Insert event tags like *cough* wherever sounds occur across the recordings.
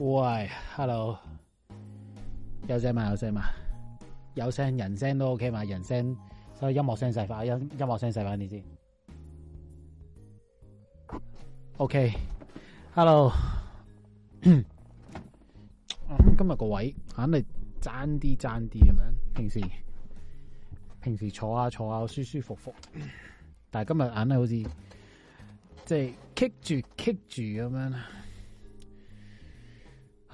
喂，Hello，有聲嘛，有聲嘛，有聲，有聲，人聲都 OK 嘛，人聲，所以音樂聲細化音，音樂聲細化你知，OK，Hello，今日個位肯定爭啲爭啲咁樣，平時，平時坐下坐下舒舒服服，但係今日硬係好似即係棘住棘住咁樣。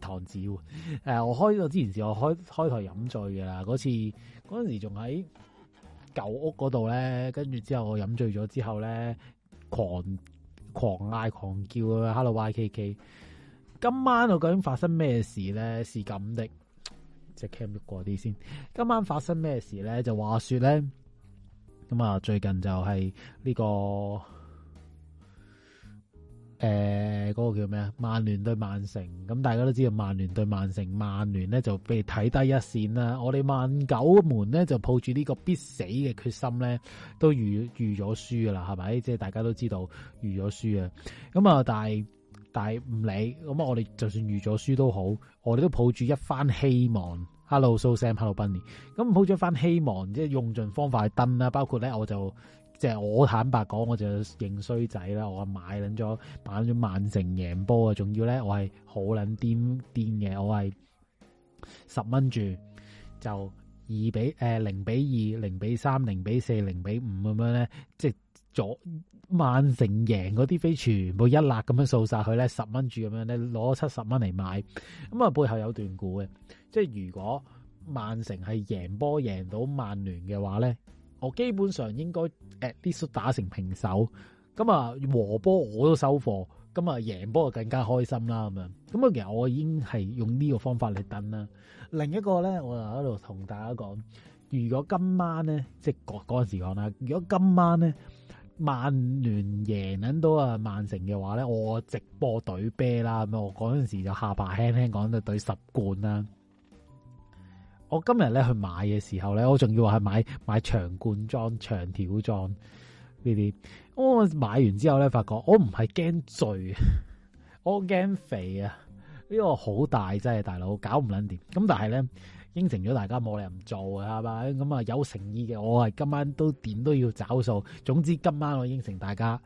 唐子誒、呃，我開我之前時我開開台飲醉噶啦，嗰次嗰陣時仲喺舊屋嗰度咧，跟住之後我飲醉咗之後咧，狂狂嗌狂叫啊！Hello YKK，今晚我究竟發生咩事咧？是咁的，隻 cam 喐過啲先。今晚發生咩事咧？就話說咧，咁啊最近就係呢、這個。誒，嗰、呃嗰個叫咩啊？曼聯對曼城，咁大家都知道曼聯對曼城，曼聯咧就被睇低一線啦。我哋萬九門咧就抱住呢個必死嘅決心咧，都預預咗輸噶啦，係咪？即係大家都知道預咗輸啊。咁啊，但係但係唔理，咁啊，我哋就算預咗輸都好，我哋都抱住一番希望。 *laughs* Hello Sam，Hello Sam, Hello, Bunny，咁抱住一番希望，即係用盡方法去登啦，包括咧我就。即係我坦白講，我就認衰仔啦！我買捻咗，買咗曼城贏波啊！仲要咧，我係好捻癲癲嘅，我係十蚊注，就二比誒零、呃、比二、零比三、零比四、零比五咁樣咧，即係左曼城贏嗰啲飛全部一辣咁樣掃晒去咧，十蚊注咁樣咧，攞七十蚊嚟買。咁啊背後有段古嘅，即係如果曼城係贏波贏到曼聯嘅話咧。我基本上應該誒啲打成平手，咁啊和波我都收貨，咁啊贏波就更加開心啦咁樣。咁啊其實我已經係用呢個方法嚟等啦。另一個咧，我就喺度同大家講，如果今晚咧，即係嗰嗰陣時講啦，如果今晚咧，曼聯贏撚到啊曼城嘅話咧，我直播隊啤啦，咁我嗰陣時就下巴輕輕講得隊十罐啦。我今日咧去買嘅時候咧，我仲要話係買買長罐裝、長條裝呢啲。我買完之後咧，發覺我唔係驚醉，我驚肥啊！呢個好大真係大佬，搞唔捻掂。咁但係咧，應承咗大家冇理由唔做啊，係嘛？咁啊有誠意嘅，我係今晚都點都要找數。總之今晚我應承大家，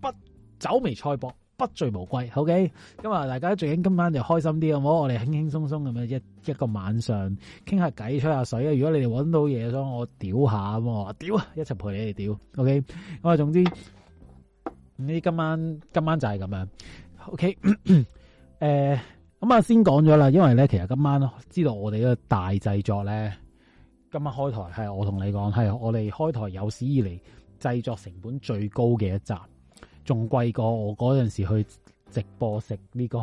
不走微賽博。不醉無歸，OK，咁啊，大家最近今晚就開心啲，好唔好？我哋輕輕鬆鬆咁樣一一個晚上傾下偈，吹下水啊！如果你哋揾到嘢想，我屌下咁，我屌啊，一齊陪你哋屌，OK，咁啊，總之，你今晚今晚就係咁樣，OK，誒，咁、呃、啊，先講咗啦，因為咧，其實今晚知道我哋呢個大製作咧，今晚開台係我同你講，係我哋開台有史以嚟製作成本最高嘅一集。仲貴過我嗰陣時去直播食呢、呢個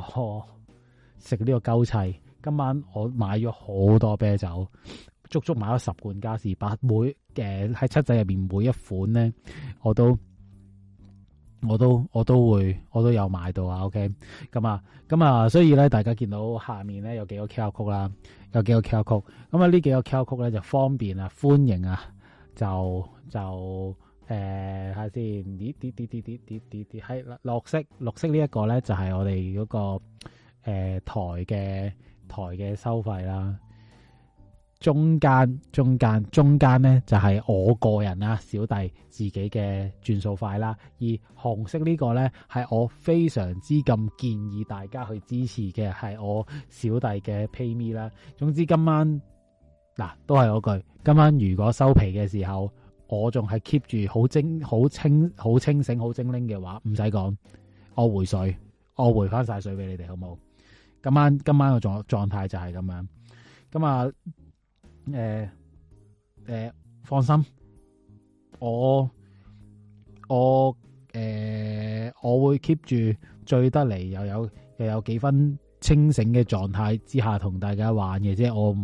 食呢個鳩砌。今晚我買咗好多啤酒，足足買咗十罐嘉士伯。每嘅喺、呃、七仔入面，每一款咧，我都我都我都會我都有買到、okay? 啊。OK，咁啊咁啊，所以咧大家見到下面咧有幾個 QR Code 啦，有幾個 QR Code，咁啊呢幾個 QR Code 咧就方便啊，歡迎啊，就就。誒，睇下先，呃，啲啲啲啲啲啲啲啲係綠色，綠色呢一，就是那個咧就係我哋嗰個誒台嘅台嘅收費啦。中間中間中間咧就係、是、我個人啦、啊，小弟自己嘅轉數快啦。而紅色個呢個咧係我非常之咁建議大家去支持嘅，係我小弟嘅 PayMe 啦。總之今晚嗱、啊、都係嗰句，今晚如果收皮嘅時候。我仲係 keep 住好精、好清、好清、清醒、好精靈嘅話，唔使講，我回水，我回返晒水俾你哋，好冇？今晚今晚嘅狀狀態就係咁樣。咁啊，誒、呃、誒、呃，放心，我我誒、呃，我會 keep 住醉得嚟又有又有幾分，清醒嘅狀態之下同大家玩嘅，啫。我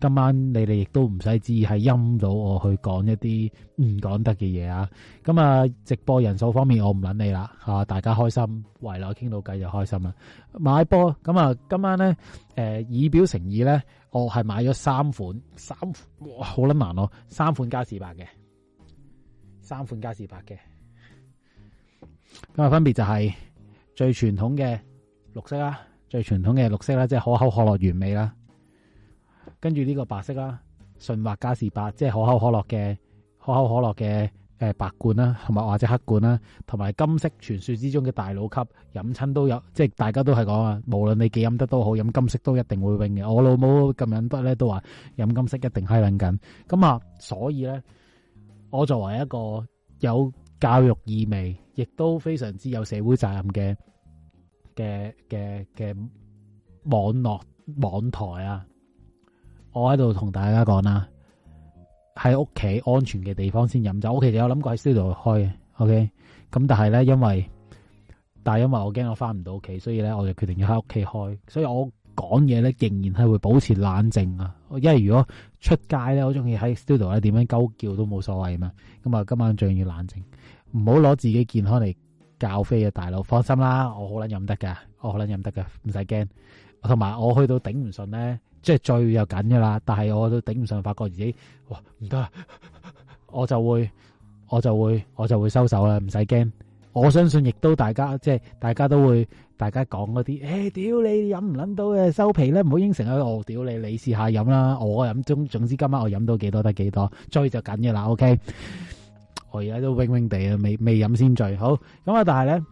今晚你哋亦都唔使知意係陰到我去講一啲唔講得嘅嘢啊！咁啊，直播人數方面我唔捻理你啦吓，大家開心，為耐傾到偈就開心啦。買波咁啊，今晚咧誒、呃，以表誠意咧，我係買咗三款，三款好捻難咯、啊，三款嘉士伯嘅，三款嘉士伯嘅，咁啊，分別就係最傳統嘅綠色啦。最傳統嘅綠色啦，即係可口可樂原味啦，跟住呢個白色啦，順滑加士伯，即係可口可樂嘅可口可樂嘅誒白罐啦，同埋或者黑罐啦，同埋金色傳説之中嘅大佬級飲親都有，即係大家都係講啊，無論你幾飲得都好，飲金色都一定會永嘅。我老母咁飲得咧都話飲金色一定係飲緊。咁啊，所以咧，我作為一個有教育意味，亦都非常之有社會責任嘅。嘅嘅嘅網絡網台啊，我喺度同大家講啦，喺屋企安全嘅地方先飲酒。我其實有諗過喺 studio 開嘅，OK，咁但係咧因為，但係因為我驚我翻唔到屋企，所以咧我就決定要喺屋企開。所以我講嘢咧仍然係會保持冷靜啊。因為如果出街咧，好中意喺 studio 咧點樣鳩叫都冇所謂嘛。咁啊今晚最要冷靜，唔好攞自己健康嚟。教飛啊，大佬！放心啦，我好捻飲得噶，我好捻飲得噶，唔使驚。同埋我去到頂唔順咧，即係醉又緊噶啦。但係我都頂唔順，發覺自己哇，唔得！我就會，我就會，我就會收手啦，唔使驚。我相信亦都大家即係大家都會，大家講嗰啲誒，屌你飲唔捻到嘅收皮咧，唔好應承佢！我屌你，你試下飲啦，我飲總總之今晚我飲到幾多得幾多，醉就緊噶啦，OK。佢而家都 Wing Wing 地啊，未未飲先醉。好咁啊，但係咧，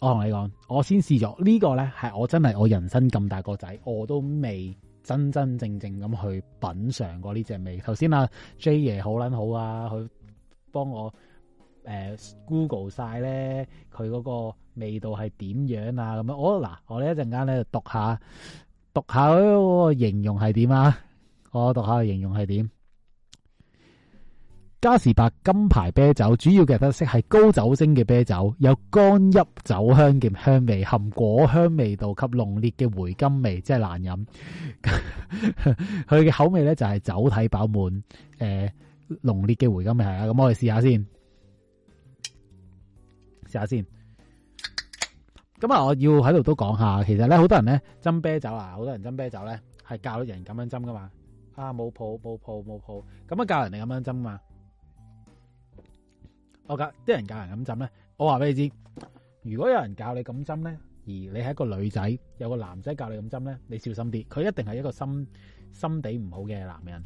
我同你講，我先試咗、這個、呢個咧，係我真係我人生咁大個仔，我都未真真正正咁去品嘗過呢隻味。頭先啊，J 爺好捻好啊，佢幫我誒、呃、Google 晒咧，佢嗰個味道係點樣啊？咁樣，我嗱，我咧一陣間咧讀下，讀下嗰個形容係點啊？我讀下我形容係點？嘉士伯金牌啤酒主要嘅特色係高酒精嘅啤酒，有干邑酒香嘅香味、含果香味道及濃烈嘅回甘味，即係難飲。佢 *laughs* 嘅口味咧就係酒體飽滿，誒、呃、濃烈嘅回甘味係啊。咁、嗯、我哋試下先，試下先。咁啊，我要喺度都講下，其實咧好多人咧斟啤酒啊，好多人斟啤酒咧係教人咁樣斟噶嘛。啊，冇泡冇泡冇泡，咁啊教人哋咁樣斟嘛。我教啲人教人咁針咧，我話俾你知，如果有人教你咁針咧，而你係一個女仔，有個男仔教你咁針咧，你小心啲，佢一定係一個心心地唔好嘅男人。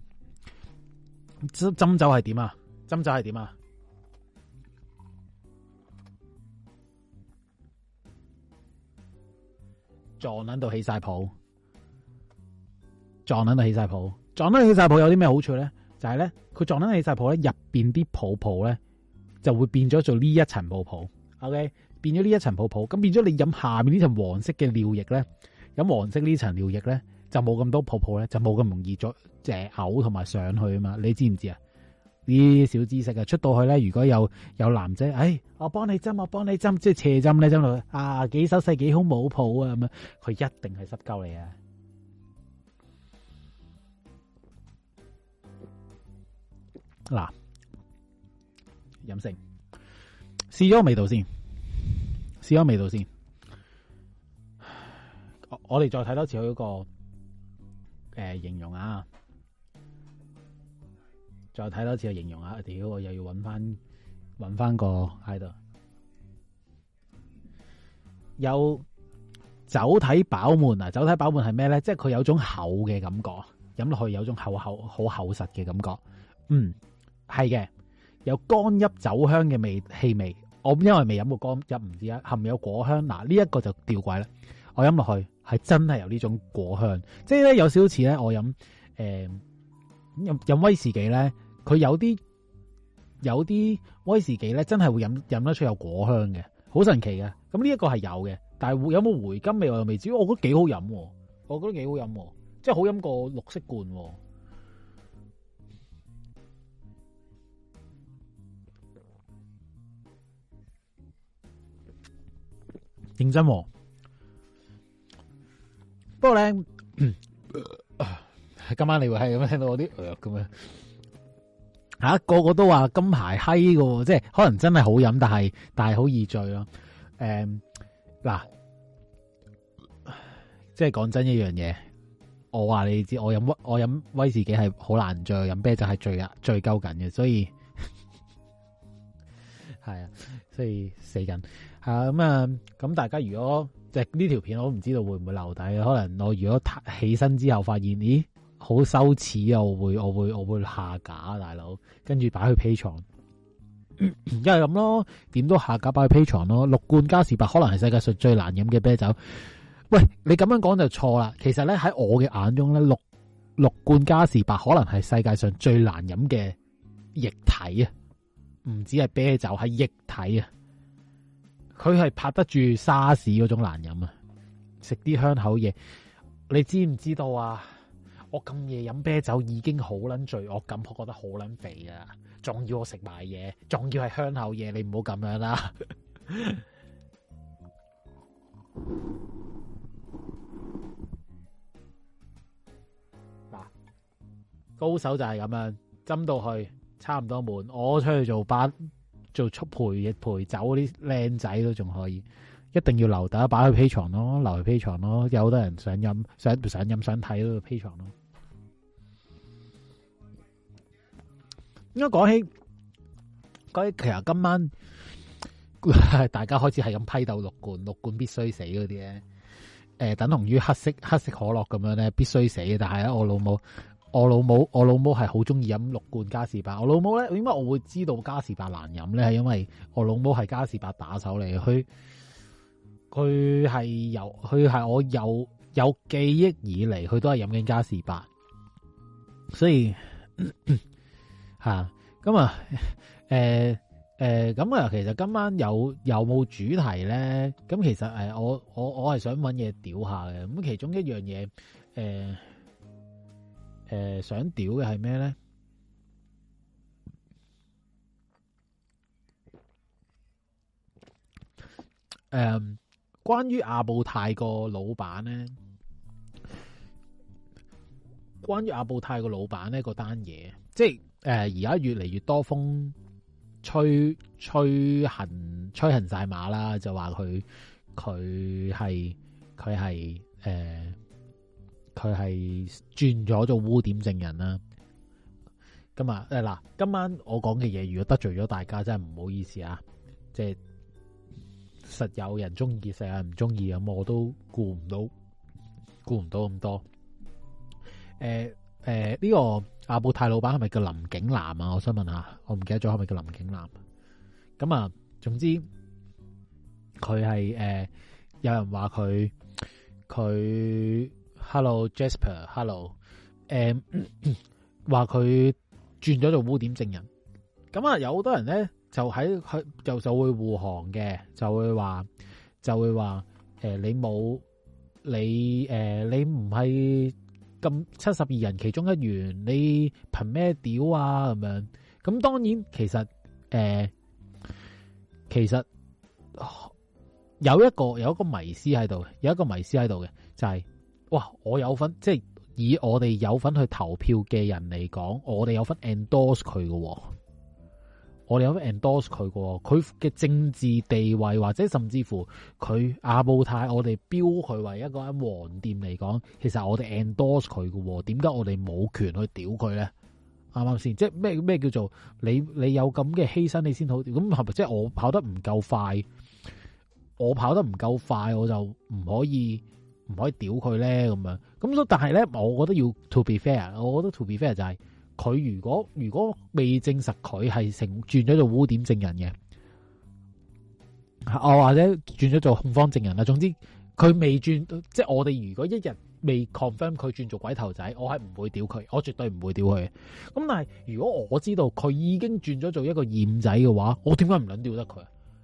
針酒係點啊？針酒係點啊？撞捻到起晒泡，撞捻到起晒泡，撞捻起晒泡有啲咩好處咧？就係咧，佢撞捻起晒泡咧，入邊啲泡泡咧。就會變咗做呢一層泡泡，OK，變咗呢一層泡泡，咁、okay? 變咗你飲下面呢層黃色嘅尿液咧，飲黃色呢層尿液咧，就冇咁多泡泡咧，就冇咁容易做斜嘔同埋上去啊嘛，你知唔知啊？啲小知識啊，出到去咧，如果有有男仔，哎，我幫你針，我幫你針，即係斜針咧，針到啊幾手勢幾好冇步啊咁樣，佢一定係濕鳩你啊，嗱。飲食試咗味道先，試咗味道先。我哋再睇多次嗰個、誒、形容啊，再睇多次嘅形容啊，屌、我又要搵翻揾翻個喺度。有酒體飽滿啊！酒體飽滿係咩咧？即係佢有種厚嘅感覺，飲落去有種厚厚好厚實嘅感覺。嗯，係嘅。有干邑酒香嘅味氣味，我因為未飲過干邑，唔知啊，係咪有果香？嗱，呢一個就吊鬼啦！我飲落去係真係有呢種果香，即係咧有少少似咧我飲誒飲飲威士忌咧，佢有啲有啲威士忌咧，真係會飲飲得出有果香嘅，好神奇嘅。咁呢一個係有嘅，但係會有冇回甘味我又未知。我覺得幾好飲，我覺得幾好飲，即係好飲過綠色罐。認真、哦、不過咧，今晚你會係咁樣聽到我啲咁樣吓，個個都話金牌嗨嘅，即係可能真係好飲，但係但係好易醉咯。誒、嗯，嗱，即係講真一樣嘢，我話你知，我飲威，我飲威士忌係好難醉，飲啤酒係醉啊，醉鳩緊嘅，所以係 *laughs* 啊，所以死緊。咁啊！咁、嗯、大家如果即係呢條片，我唔知道會唔會留底。可能我如果起身之後發現，咦，好羞恥啊！我會我會我會下架，大佬，跟住擺去 Patreon，因為咁咯。點都下架，擺去 Patreon 咯。六罐嘉士伯可能係世界上最難飲嘅啤酒。喂，你咁樣講就錯啦。其實咧喺我嘅眼中咧，六六罐嘉士伯可能係世界上最難飲嘅液體啊！唔止係啤酒，係液體啊！佢係拍得住沙士嗰種難飲啊！食啲香口嘢，你知唔知道啊？我咁夜飲啤酒已經好捻罪惡感，我覺得好捻肥啊！仲要我食埋嘢，仲要係香口嘢，你唔好咁樣啦！嗱，高手就係咁樣，斟到去，差唔多滿。我出去做班。做出陪陪酒嗰啲靚仔都仲可以，一定要留第一把去披床咯，在 on，留去披床咯，有好多人想飲，想想飲想睇咯，P 床咯。應該講起，講起其實今晚大家開始係咁批鬥六罐，六罐必須死嗰啲咧，誒等同於黑色黑色可樂咁樣咧必須死，但係咧我老母。我老母，我老母係好中意飲六罐嘉士伯。我老母咧，點解我會知道嘉士伯難飲咧？係因為我老母係嘉士伯打手嚟，佢佢係由佢係我有有記憶以嚟，佢都係飲緊嘉士伯。所以吓咁啊，誒、呃、誒，咁、呃、啊、呃，其實今晚有有冇主題咧？咁其實誒，我我我係想揾嘢屌下嘅。咁其中一樣嘢，誒、呃。誒、呃，想屌嘅係咩咧？誒、嗯，關於阿布泰個老闆咧，關於阿布泰個老闆咧個單嘢，即係誒，而、呃、家越嚟越多風吹吹行吹行晒馬啦，就話佢佢係佢係誒。他是他是呃佢係轉咗做污點證人啦。咁啊，誒嗱，今晚我講嘅嘢，如果得罪咗大家，真係唔好意思啊！即係實有人中意，實有人唔中意，咁我都顧唔到，顧唔到咁多。誒、呃、誒，呢、呃呢個阿布泰老闆係咪叫林景南啊？我想問下，我唔記得咗，係咪叫林景南？咁啊，總之佢係誒，有人話佢佢。他 Hello Jasper，Hello，誒、um，話 *coughs* 佢轉咗做污點證人，咁啊有好多人咧就喺佢就就會護航嘅，就會話就會話誒、呃、你冇你誒、呃、你唔係咁七十二人其中一員，你憑咩屌啊咁樣？咁當然其實誒，其實、呃其實哦、有一個有一個迷思喺度嘅，有一個迷思喺度嘅就係、是。哇！我有份，即係以我哋有份去投票嘅人嚟講，我哋有份 endorse 佢嘅、哦，我哋有份 endorse 佢喎、哦，佢嘅政治地位或者甚至乎佢阿布泰，我哋標佢為一個黃店嚟講，其實我哋 endorse 佢嘅、哦，點解我哋冇權去屌佢咧？啱唔啱先？即係咩咩叫做你你有咁嘅犧牲，你先好？咁係咪即係我跑得唔夠快，我跑得唔夠快，我就唔可以？唔可以屌佢咧，咁樣，咁都但係咧，我覺得要 to be fair，我覺得 to be fair 就係佢如果如果未證實佢係成轉咗做污點證人嘅，我或者轉咗做控方證人啦。總之佢未轉，即係我哋如果一日未 confirm 佢轉做鬼頭仔，我係唔會屌佢，我絕對唔會屌佢。咁但係如果我知道佢已經轉咗做一個二五仔嘅話，我點解唔捻屌得佢？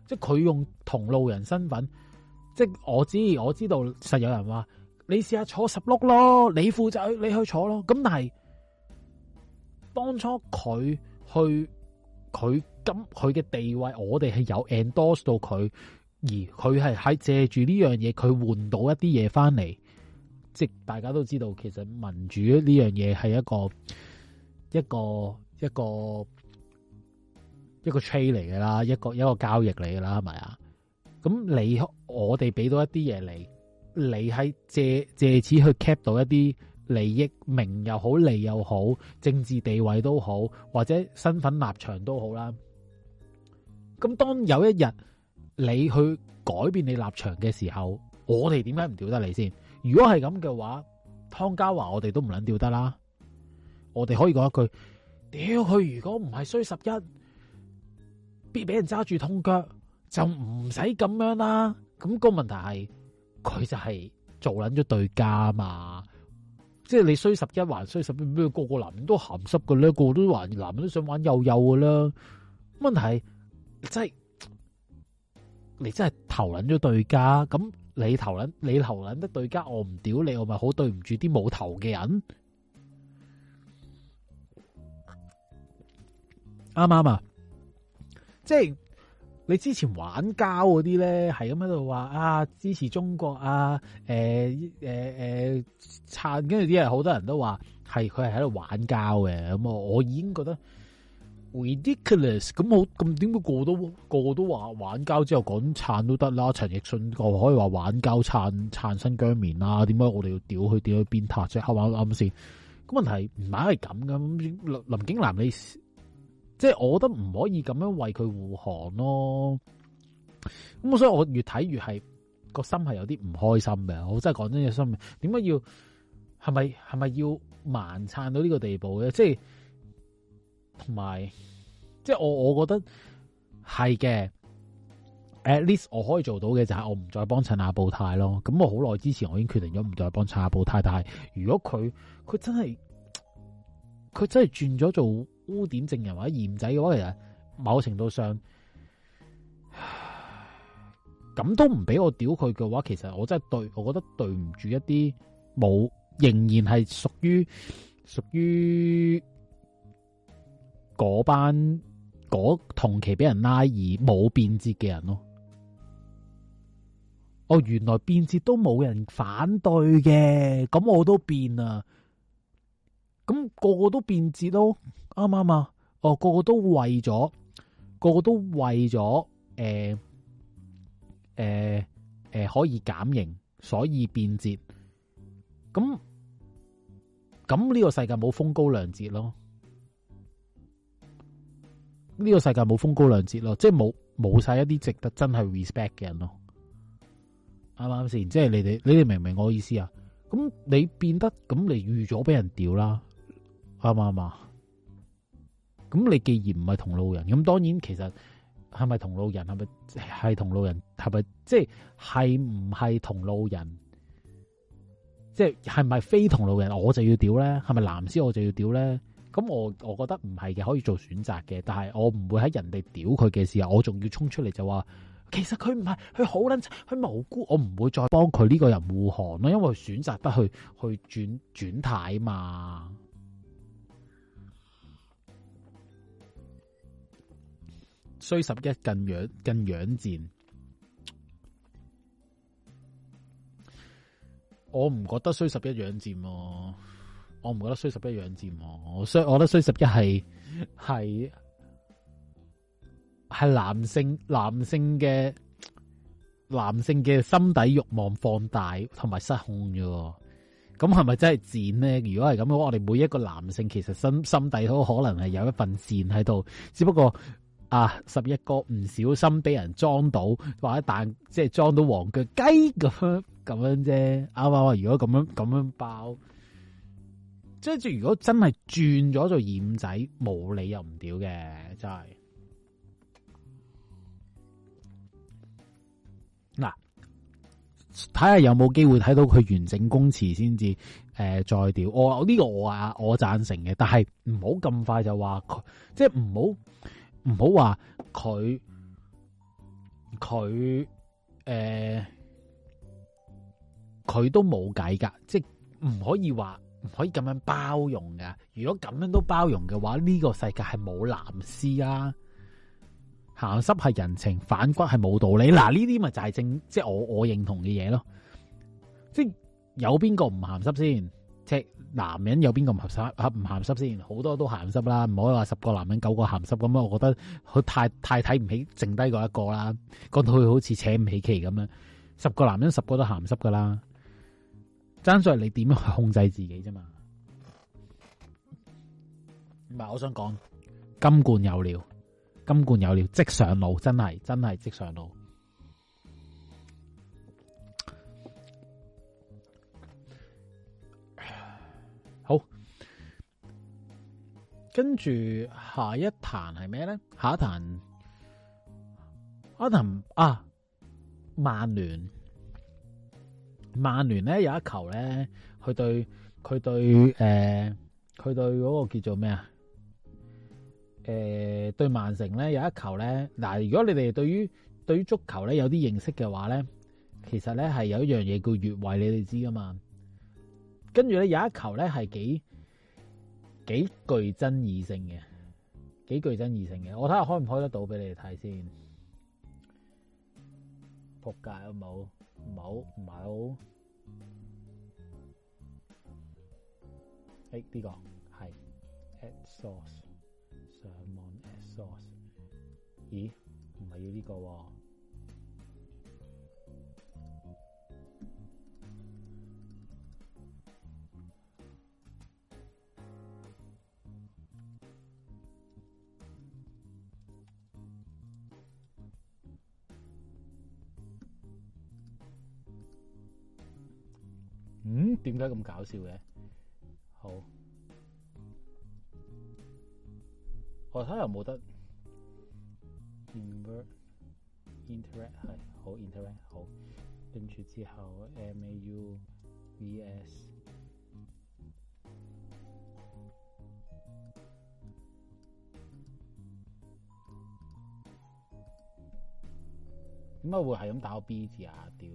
即係佢用同路人身份。即係我知，我知道實有人話，你試下坐十碌咯，你負責你去坐咯。咁但係當初佢去，佢咁佢嘅地位，我哋係有 endorse 到佢，而佢係喺借住呢樣嘢，佢換到一啲嘢翻嚟。即係大家都知道，其實民主呢樣嘢係一個一個一個一個 trade 嚟噶啦，一個一個一個一個一個交易嚟噶啦，係咪啊？咁你我哋俾到一啲嘢你，你係借借此去 cap 到一啲利益名又好，利又好，政治地位都好，或者身份立場都好啦。咁當有一日你去改變你立場嘅時候，我哋點解唔屌得你先？如果係咁嘅話，湯家驊我哋都唔捻屌得啦。我哋可以講一句：，屌佢！如果唔係衰十一，必俾人揸住痛腳。就唔使咁樣啦，咁個問題係佢就係做捻咗對家嘛，即係你衰十一還衰十一咩？個個男人都鹹濕噶啦，個個都話男人都想玩幼幼噶啦。問題真係、即係、你真係投捻咗對家，咁你投捻你投捻得對家，我唔屌你，我咪好對唔住啲冇頭嘅人。啱啱啊？即係。你之前玩膠嗰啲咧，係咁喺度話啊支持中國啊，誒誒誒，撐，跟住啲人好多人都話係佢係喺度玩膠嘅。咁我我已經覺得 ridiculous，咁我咁點會過到過到話玩膠之後講撐都得啦？陳奕迅我可以話玩膠撐撐新疆棉啦？點解我哋要屌佢屌佢邊塔啫？啱唔啱先？咁問題唔係係咁噶，咁林林景南你？即係我覺得唔可以咁樣為佢護航咯，咁所以我越睇越係個心係有啲唔開心嘅，我真係講真嘅心，點解要係咪係咪要盲撐到呢個地步咧？即係同埋即係我我覺得係嘅，at least 我可以做到嘅就係我唔再幫襯阿布泰咯。咁我好耐之前我已經決定咗唔再幫襯阿布泰。但係如果佢佢真係佢真係轉咗做。污點證人或者嫌仔嘅話，其實某程度上咁都唔俾我屌佢嘅話，其實我真係對我覺得對唔住一啲冇仍然係屬於屬於嗰班嗰同期俾人拉而冇變節嘅人咯。哦，哦，原來變節都冇人反對嘅，咁我都變啊，咁個個都變節咯。啱啱啊！個個都為咗個個都為咗誒誒誒，可以減刑，所以變節。咁咁呢個世界冇風高亮節咯，呢個世界冇風高亮節咯，即係冇冇晒一啲值得真係 respect 嘅人咯。啱啱先？即係你哋你哋明唔明我意思啊？咁你變得咁你預咗俾人屌啦，係啱啊。咁你既然唔係同路人，咁當然其實係咪同路人？係咪係同路人？係咪即係係唔係同路人？即係係咪非同路人？我就要屌咧？係咪藍絲？我就要屌咧？咁我我覺得唔係嘅，可以做選擇嘅。但係我唔會喺人哋屌佢嘅時候，我仲要衝出嚟就話，其實佢唔係，佢好撚，佢無辜。我唔會再幫佢呢個人護航咯，因為佢選擇不去去轉轉態啊嘛。衰十一更養更養賤，我唔覺得衰十一養賤、啊、我唔覺得衰十一養賤哦、啊，所以我覺得衰十一係係係男性男性嘅男性嘅心底欲望放大同埋失控啫，咁係咪真係賤呢？如果係咁嘅話，我哋每一個男性其實心心底都可能係有一份賤喺度，只不過。啊！十一個唔小心俾人裝到，或者彈，即係裝到黃腳雞咁樣咁樣啫，啱唔啱？如果咁樣咁樣爆，即係如果真係轉咗做二五仔，冇理由唔屌嘅，真係。嗱，睇下有冇機會睇到佢完整供詞先至，誒、呃、再屌。我我呢、這個我啊我贊成嘅，但係唔好咁快就話佢，即係唔好。唔好話佢，佢，誒，佢、呃、都冇計噶，即係唔可以話，唔可以咁樣包容噶。如果咁樣都包容嘅話，呢、這個世界係冇藍絲啊，鹹濕係人情，反骨係冇道理。嗱，呢啲咪就係正，即係我我認同嘅嘢咯。即係有邊個唔鹹濕先？即男人有邊個唔鹹濕？唔鹹濕先？好多都鹹濕啦，唔可以話十個男人九個鹹濕咁啊！我覺得佢太太睇唔起剩低嗰一個啦，講到佢好似扯唔起旗咁啊！十個男人十個都鹹濕噶啦，爭在你點去控制自己啫嘛。唔係，我想講金罐有料，金罐有料，即上腦，真係真係即上腦。跟住下一壇係咩咧？下一壇阿談啊，曼聯，曼聯咧有一球咧，佢對佢對誒，佢、呃、對嗰個叫做咩啊？誒、呃，對曼城咧有一球咧。嗱、呃，如果你哋對於對於足球咧有啲認識嘅話咧，其實咧係有一樣嘢叫越位，你哋知㗎嘛？跟住咧有一球咧係幾？幾具爭議性嘅，幾具爭議性嘅，我睇下開唔開得到俾你哋睇先。仆街啊，冇，冇，冇。誒、欸，呢、這個係，at source，上網 at source，咦，唔係要呢個喎。點解咁搞笑嘅？好，我睇下有冇得 invert interact，好 interact 好。跟住之後 MAUVS，點解會係咁打個 B 字啊？屌！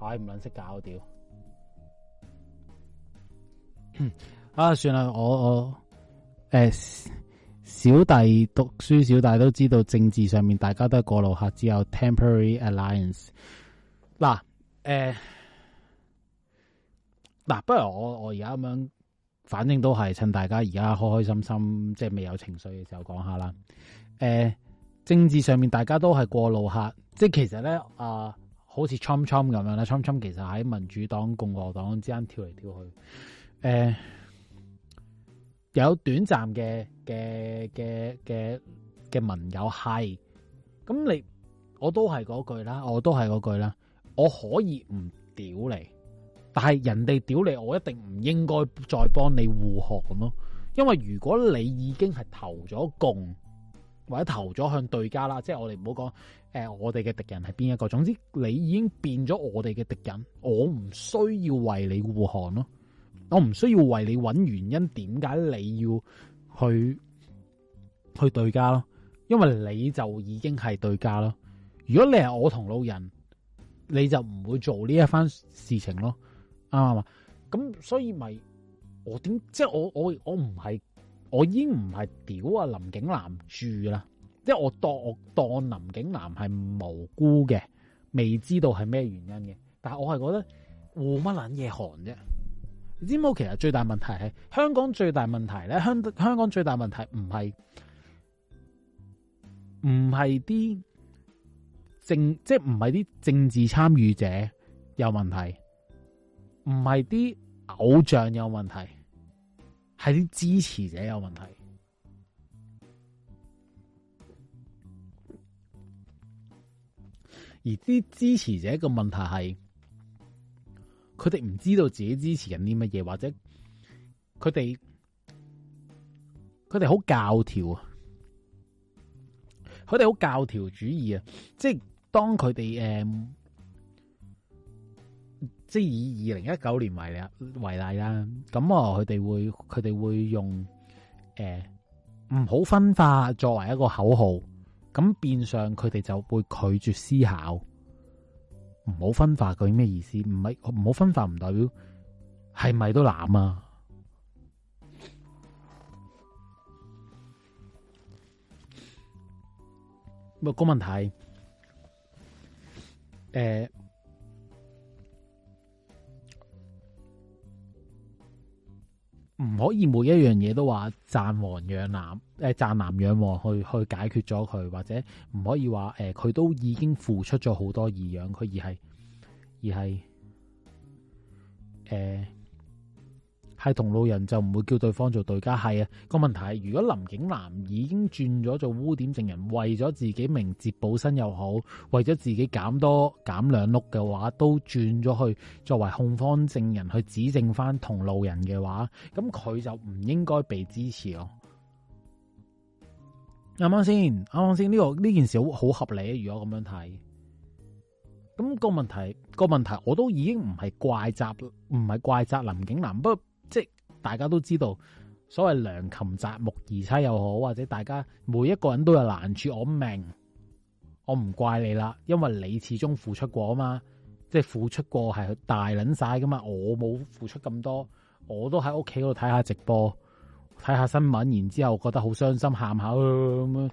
唉，唔捻識搞，屌！啊，算啦，我我誒、欸，小弟讀書，小弟都知道政治上面，大家都係過路客，只有 Temporary Alliance。嗱、啊，誒、欸，嗱、啊，不如我我而家咁樣，反正都係趁大家而家開開心心，即係未有情緒嘅時候講下啦。誒、啊，政治上面大家都係過路客，即係其實咧啊。呃好似侵侵咁樣啦，侵侵其實喺民主黨、共和黨之間跳嚟跳去，誒、欸，有短暫嘅嘅嘅嘅嘅盟友係，咁你我都係嗰句啦，我都係嗰句啦，我可以唔屌你，但係人哋屌你，我一定唔應該再幫你護學。咁咯，因為如果你已經係投咗共。或者投咗向對家啦，即係我哋唔好講，誒、呃，我哋嘅敵人係邊一個？總之你已經變咗我哋嘅敵人，我唔需要為你護航咯，我唔需要為你揾原因，點解你要去去對家咯？因為你就已經係對家咯。如果你係我同路人，你就唔會做呢一番事情咯，啱啱嘛？咁所以咪我點即係我我我唔係。我已經唔係屌啊林景南住啦，即係我當我當林景南係無辜嘅，未知道係咩原因嘅。但係我係覺得胡乜撚嘢寒啫？你知唔知？其實最大問題係香港最大問題咧，香香港最大問題唔係唔係啲政，即係唔係啲政治參與者有問題，唔係啲偶像有問題。係啲支持者有問題，而啲支持者個問題係佢哋唔知道自己支持緊啲乜嘢，或者佢哋佢哋好教條啊，佢哋好教條主義啊，即係當佢哋誒。嗯即係以二零一九年為例為例啦，咁我佢哋會佢哋會用誒唔好分化作為一個口號，咁變相佢哋就會拒絕思考。唔好分化佢咩意思？唔係唔好分化唔代表係咪都攬啊？唔、那、係個問題誒。呃唔可以每一樣嘢都話贊王養男，誒贊男養王去去解決咗佢，或者唔可以話誒佢都已經付出咗好多異樣，佢而係而係誒。呃係同路人就唔會叫對方做對家，係啊，個問題係，如果林景南已經轉咗做污點證人，為咗自己名節保身又好，為咗自己減多減兩碌嘅話，都轉咗去作為控方證人去指證翻同路人嘅話，咁佢就唔應該被支持咯。啱啱先？啱啱先？呢個呢件事好好合理啊！如果咁樣睇，咁個問題個問題我都已經唔係怪責唔係怪責林景南，不過。即係大家都知道，所謂良禽擇木而棲又好，或者大家每一個人都有難處，我明，我唔怪你啦，因為你始終付出過啊嘛，即係付出過係大撚晒噶嘛，我冇付出咁多，我都喺屋企嗰度睇下直播，睇下新聞，然之後覺得好傷心，喊下、呃呃呃呃呃、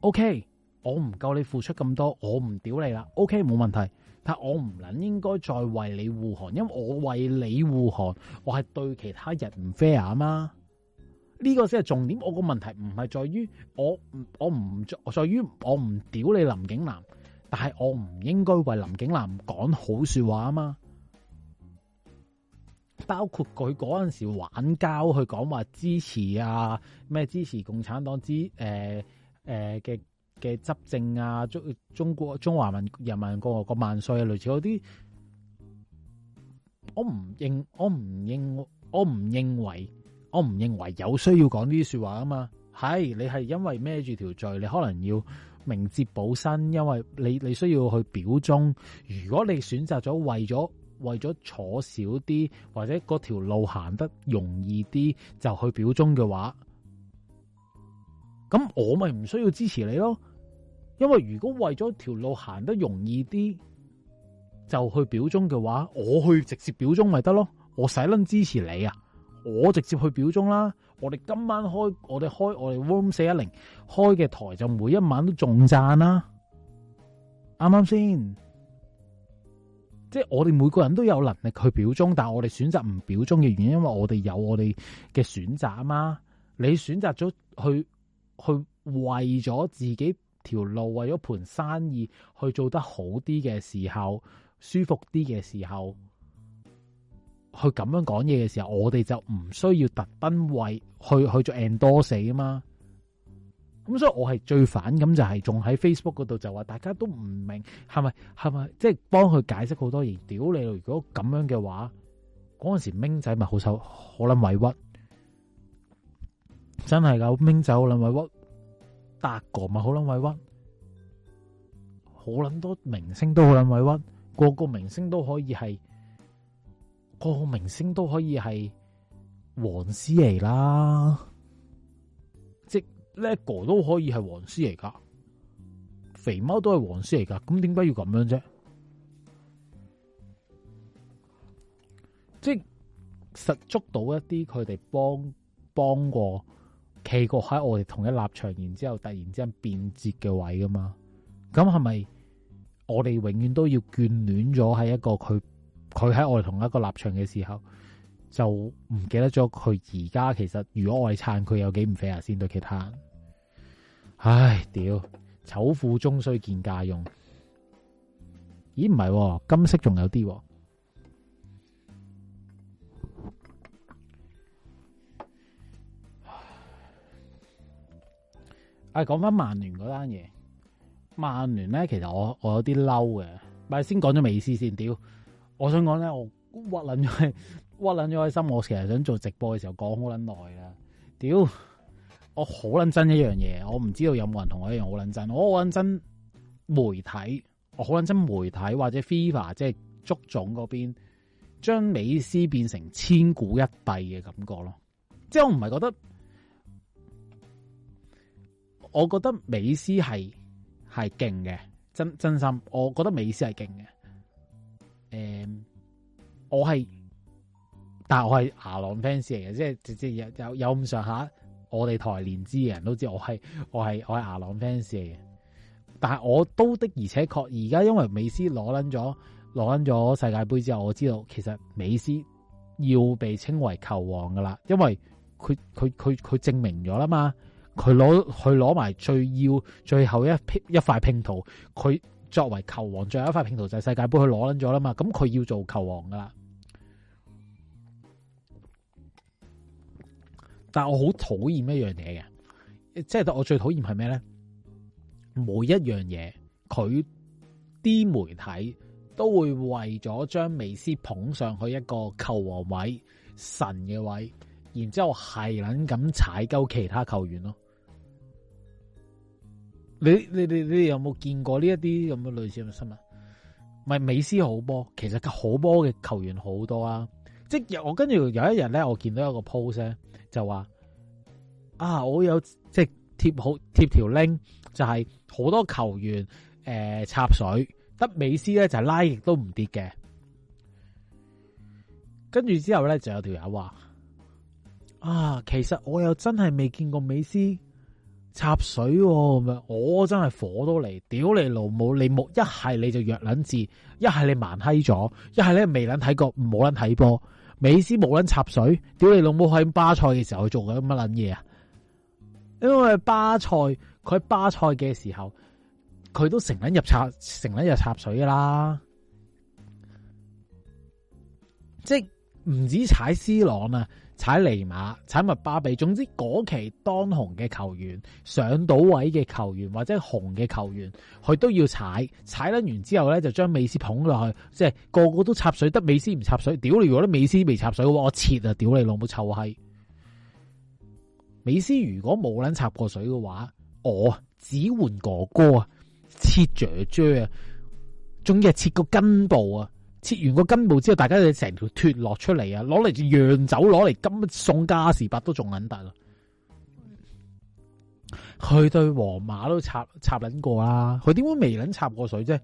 OK，我唔夠你付出咁多，我唔屌你啦。O K，冇問題。但係我唔捻應該再為你護航，因為我為你護航，我係對其他人唔 fair 啊嘛。呢個先係重點。我個問題唔係在於我我唔在在於我唔屌你林景南，但係我唔應該為林景南講好說話啊嘛。包括佢嗰陣時玩交去講話支持啊咩支持共產黨之誒誒嘅。呃呃嘅執政啊，中中國、中華人民共和國萬歲啊！類似嗰啲，我唔認，我唔認，我唔認為，我唔認為有需要講呢啲說話啊嘛。係，你係因為孭住條罪，你可能要明哲保身，因為你你需要去表忠。如果你選擇咗為咗為咗坐少啲，或者嗰條路行得容易啲，就去表忠嘅話，咁我咪唔需要支持你咯。因為如果為咗條路行得容易啲，就去表忠嘅話，我去直接表忠咪得咯。我使撚支持你啊！我直接去表忠啦。我哋今晚開，我哋開我哋 Room 四一零開嘅台，就每一晚都仲讚啦。啱啱先？即係我哋每個人都有能力去表忠，但係我哋選擇唔表忠嘅原因，因為我哋有我哋嘅選擇啊嘛。你選擇咗去去，去為咗自己。條路為咗盤生意去做得好啲嘅時候，舒服啲嘅時候，去咁樣講嘢嘅時候，我哋就唔需要特登為去去做 endorse 啊嘛。咁所以我係最反感就係、是、仲喺 Facebook 嗰度就話大家都唔明係咪係咪即係幫佢解釋好多嘢，屌你！如果咁樣嘅話，嗰、那、陣、個、時明仔咪好受好捻委屈，真係有明仔好捻委屈。達哥咪好撚委屈，好撚多明星都好撚委屈，個個明星都可以係，個個明星都可以係黃絲嚟啦，即叻哥都可以係黃絲嚟㗎，肥貓都係黃絲嚟㗎，咁點解要咁樣啫？即係實捉到一啲佢哋幫幫過。企過喺我哋同一立場，然之後突然之間變節嘅位噶嘛？咁係咪我哋永遠都要眷戀咗喺一個佢佢喺我哋同一個立場嘅時候，就唔記得咗佢而家其實，如果我哋撐佢有幾唔 fair 呀，啊？先對其他人？唉，屌，醜婦終須見家用。咦，唔係，金色仲有啲。係講翻曼聯嗰單嘢，曼聯咧其實我我有啲嬲嘅。咪先講咗美斯先，屌！我想講咧，我屈捻咗，屈捻咗心。我其實想做直播嘅時候講好捻耐啦，屌！我好捻憎一樣嘢，我唔知道有冇人同我一樣好捻憎。我好捻憎媒體，我好捻憎媒體或者 FIFA 即係足總嗰邊，將美斯變成千古一帝嘅感覺咯。即係我唔係覺得。我覺得美斯係係勁嘅，真真心，我覺得美斯係勁嘅。誒、嗯，我係，但係我係牙狼 fans 嚟嘅，即係直接有有有咁上下，我哋台聯知嘅人都知道我係，我係我係我係牙狼 fans 嚟嘅。但係我都的而且確，而家因為美斯攞捻咗，攞捻咗世界杯之後，我知道其實美斯要被稱為球王噶啦，因為佢佢佢佢證明咗啦嘛。佢攞佢攞埋最要最後一一塊拼圖，佢作為球王最後一塊拼圖就係世界盃，佢攞捻咗啦嘛，咁佢要做球王噶啦。但我好討厭一樣嘢嘅，即係我最討厭係咩咧？每一樣嘢，佢啲媒體都會為咗將美斯捧上去一個球王位神嘅位，然之後係捻咁踩鳩其他球員咯。你你你你有冇見過呢一啲咁嘅類似嘅新聞？咪美斯好波，其實好波嘅球員好多啊！即係我跟住有一日咧，我見到有個 post 咧，就話啊，我有即係貼好貼條 link，就係好多球員誒、呃、插水，得美斯咧就係、拉翼都唔跌嘅。跟住之後咧，就有條友話啊，其實我又真係未見過美斯。插水咁、啊、樣，我真係火都嚟！屌你老母，你冇一係你就弱撚字，一係你盲閪咗，一係咧未撚睇過，冇撚睇波。美斯冇撚插水，屌你老母喺巴塞嘅時候做緊乜撚嘢啊！因為巴塞佢喺巴塞嘅時候，佢都成撚入插，成撚入插水噶啦，即係唔止踩 C 朗啊！踩尼馬、踩密巴比，總之嗰期當紅嘅球員、上到位嘅球員或者紅嘅球員，佢都要踩。踩甩完之後咧，就將美斯捧落去，即係個個都插水，得美斯唔插水，屌你！如果啲美斯未插水嘅話，我切啊！屌你老母臭閪！美斯如果冇撚插過水嘅話，我只換哥哥啊，切雀雀啊，仲要係切個根部啊！切完個根部之後，大家就成條脫落出嚟啊，攞嚟釀酒，攞嚟金送嘉士伯都仲肯得啊。佢對皇馬都插插捻過啦，佢點會未捻插過水啫？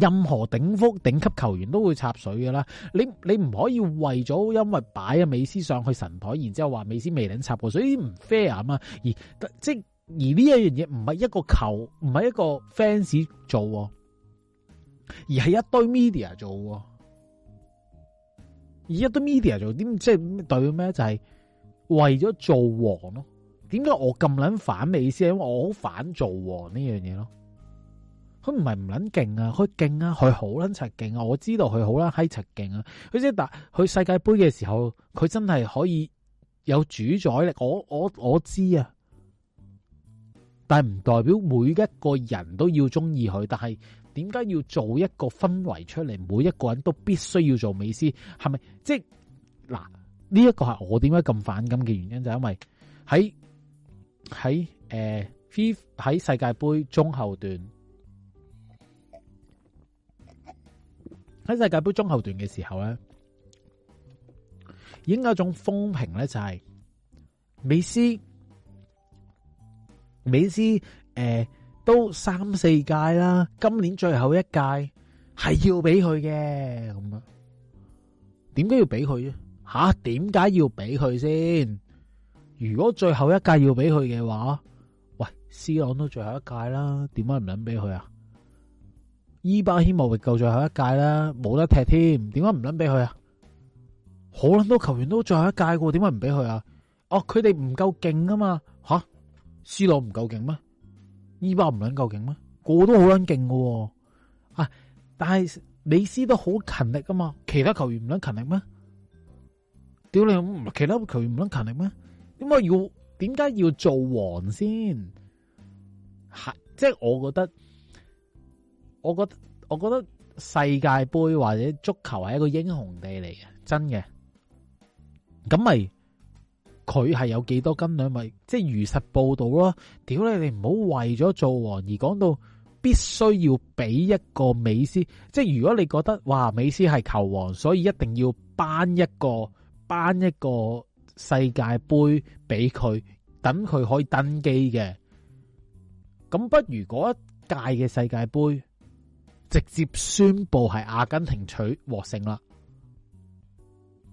任何頂福頂級球員都會插水噶啦。你你唔可以為咗因為擺阿美斯上去神台，然之後話美斯未捻插過水，唔 fair 啊嘛。而即而呢一樣嘢唔係一個球，唔係一個 fans 做。而係一堆 media 做喎，而一堆 media 做，點即係代表咩？就係、是、為咗做王咯。點解我咁捻反美意思？因為我好反做王呢樣嘢咯。佢唔係唔捻勁啊，佢勁啊，佢好捻柒勁啊。我知道佢好捻，嗨柒勁啊。佢即係但去世界杯嘅時候，佢真係可以有主宰力。我我我知啊，但係唔代表每一個人都要中意佢，但係。點解要做一個氛圍出嚟？每一個人都必須要做美斯，係咪？即嗱，呢一個係我點解咁反感嘅原因，就係因為喺喺誒，喺、呃、世界杯中後段，喺世界杯中後段嘅時候咧，已經有一種風評咧，就係美斯，美斯誒。都三四屆啦，今年最後一屆係要俾佢嘅咁啊？點解要俾佢啫？吓，點解要俾佢先？如果最後一屆要俾佢嘅話，喂，C 朗都最後一屆啦，點解唔撚俾佢啊？伊巴謙莫維奇都最後一屆啦，冇得踢添，點解唔撚俾佢啊？好撚多球員都最後一屆嘅，點解唔俾佢啊？哦，佢哋唔夠勁啊嘛？吓，啊，C 朗唔夠勁咩？伊巴唔卵夠勁咩？個個都好卵勁嘅喎。啊！但係美斯都好勤力噶嘛，其他球員唔卵勤力咩？屌你，其他球員唔卵勤力咩？點解要點解要做王先？係、啊、即係我覺得，我覺得我覺得世界杯或者足球係一個英雄地嚟嘅，真嘅。咁咪。佢係有幾多斤兩，咪即係如實報道咯。屌你你唔好為咗做王而講到必須要俾一個美斯，即係如果你覺得哇美斯係球王，所以一定要頒一個頒一個世界杯俾佢，等佢可以登基嘅。咁不如嗰一屆嘅世界杯直接宣布係阿根廷取獲勝啦，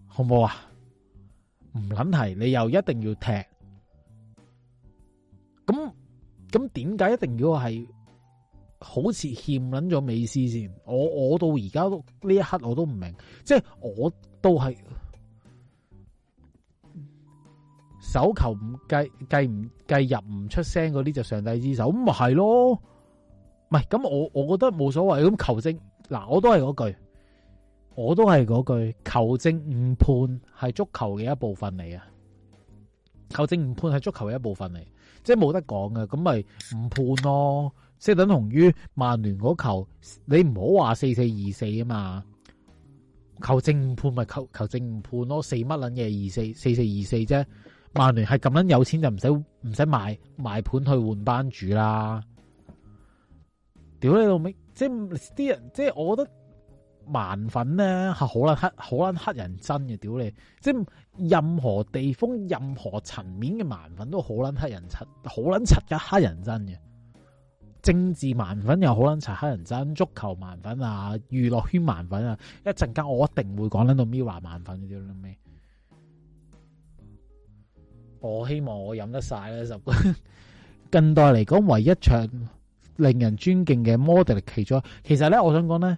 好唔好啊？唔捻提你又一定要踢？咁咁點解一定要係好似欠捻咗美斯先？我我到而家都呢一刻我都唔明，即係我都係手球唔計計唔計入唔出聲嗰啲就上帝之手，咁咪係咯？唔係咁我我覺得冇所謂，咁球證嗱，我都係嗰句。我都係嗰句，球證誤判係足球嘅一部分嚟啊！球證誤判係足球嘅一部分嚟，即係冇得講嘅，咁咪誤判咯，即係等同於曼聯嗰球，你唔好話四四二四啊嘛！球證誤判咪求球證誤判咯，四乜捻嘢二四四四二四啫！曼聯係咁捻有錢就唔使唔使買買盤去換班主啦！屌你老味，即係啲人，即係我覺得。盲粉咧，係好撚黑，好撚黑人憎嘅，屌你！即係任何地方、任何層面嘅盲粉都好撚黑人憎，好撚柒嘅黑人憎嘅。政治盲粉又好撚柒黑人憎，足球盲粉啊，娛樂圈盲粉啊，一陣間我一定會講到 MIRROR 盲粉嘅屌。你諗咩？我希望我飲得晒咧，就近代嚟講，唯一,一場令人尊敬嘅魔力奇咗。其實咧，我想講咧。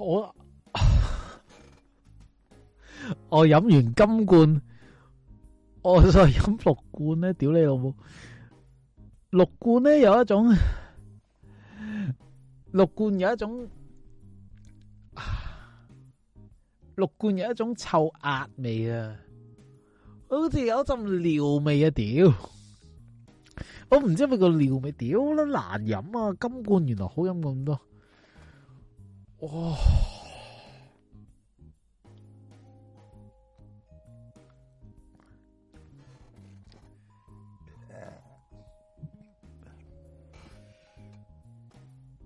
我我飲完金罐，我就飲六罐咧，屌你老母！六罐咧有一種六罐有一種，六罐有一種，六罐有一種臭鴨味啊！好似有一陣尿味啊，屌！我唔知係咪個尿味，屌啦難飲啊！金罐原來好飲咁多。哇！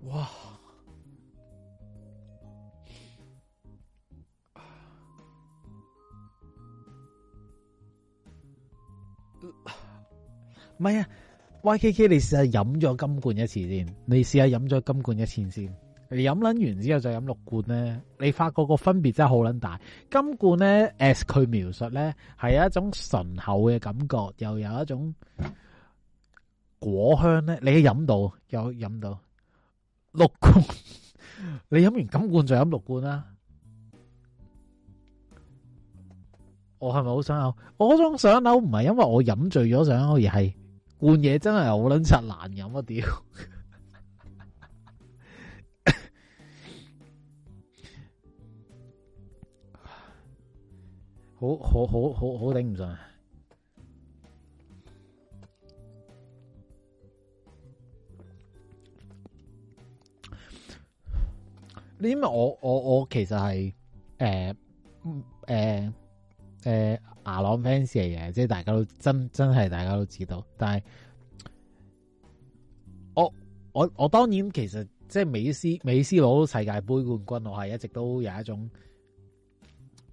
哇！媽呀！YKK，你試下飲咗金罐一次先，你試下飲咗金罐一次先。你飲撚完之後就飲六罐咧，你發覺個分別真係好捻大。金罐咧 *music* ，as 佢描述咧，係有一種醇厚嘅感覺，又有一種果香咧。你一飲到，又飲到六罐。 *laughs* 你飲完金罐就飲六罐啦。我係咪好想嘔？我種想嘔唔係因為我飲醉咗想嘔，而係罐嘢真係好捻難難飲啊！屌。 *laughs* 好好好好好頂唔順。你因為我我我其實係誒，誒、呃、誒、呃呃，阿朗 fans 嚟嘅，即係大家都真真係大家都知道。但係我我我當然其實即係美斯美斯攞世界杯冠軍，我係一直都有一種，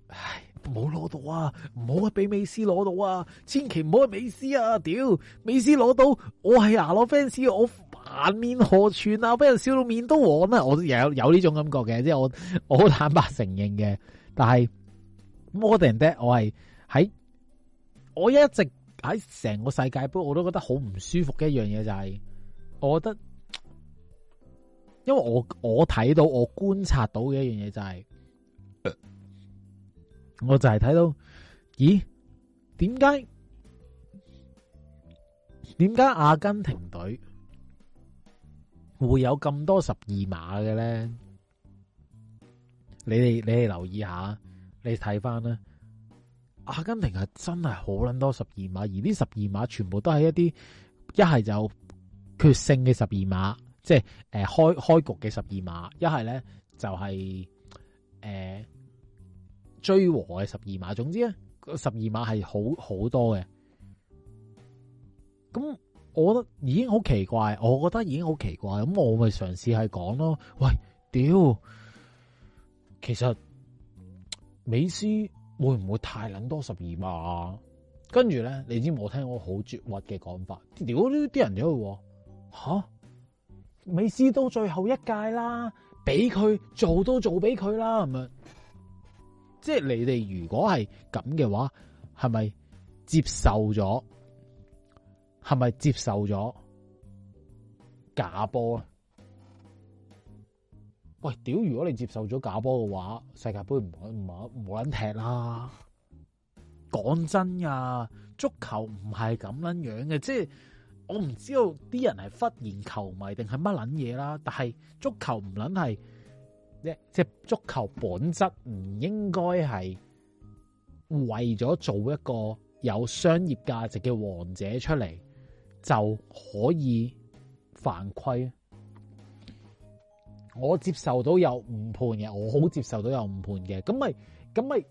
唉。唔好攞到啊！唔好啊，俾美斯攞到啊！千祈唔好俾美斯啊！屌，美斯攞到，我係牙佬 fans，我顏面何存啊？俾人笑到面都黃啦、啊！我有有呢種感覺嘅，即係我我好坦白承認嘅。但係 more than，that, 我係喺我一直喺成個世界杯，我都覺得好唔舒服嘅一樣嘢就係、是，我覺得因為我我睇到我觀察到嘅一樣嘢就係、是。我就係睇到。咦，點解點解阿根廷隊會有咁多十二碼嘅咧？你哋你哋留意下，你睇翻啦。阿根廷係真係好捻多十二碼，而呢十二碼全部都係一啲一係就決勝嘅十二碼，即係誒、呃、開開局嘅十二碼，一係咧就係、是、誒。呃追和嘅十二碼，總之咧，十二碼係好好多嘅。咁我覺得已經好奇怪，我覺得已經好奇怪。咁我咪嘗試係講咯，喂，屌，其實美斯會唔會太捻多十二碼？跟住咧，你知我聽我好絕望嘅講法，屌呢啲人佢喎！吓，美斯都最後一屆啦，俾佢做都做俾佢啦，咁樣。即係你哋如果係咁嘅話，係咪接受咗？係咪接受咗假波啊？喂，屌！如果你接受咗假波嘅話，世界盃唔冇冇冇捻踢啦！講真呀，足球唔係咁捻樣嘅，即係我唔知道啲人係忽然球迷定係乜捻嘢啦。但係足球唔捻係。即即足球本質唔應該係為咗做一個有商業價值嘅王者出嚟就可以犯規。我接受到有誤判嘅，我好接受到有誤判嘅，咁咪咁咪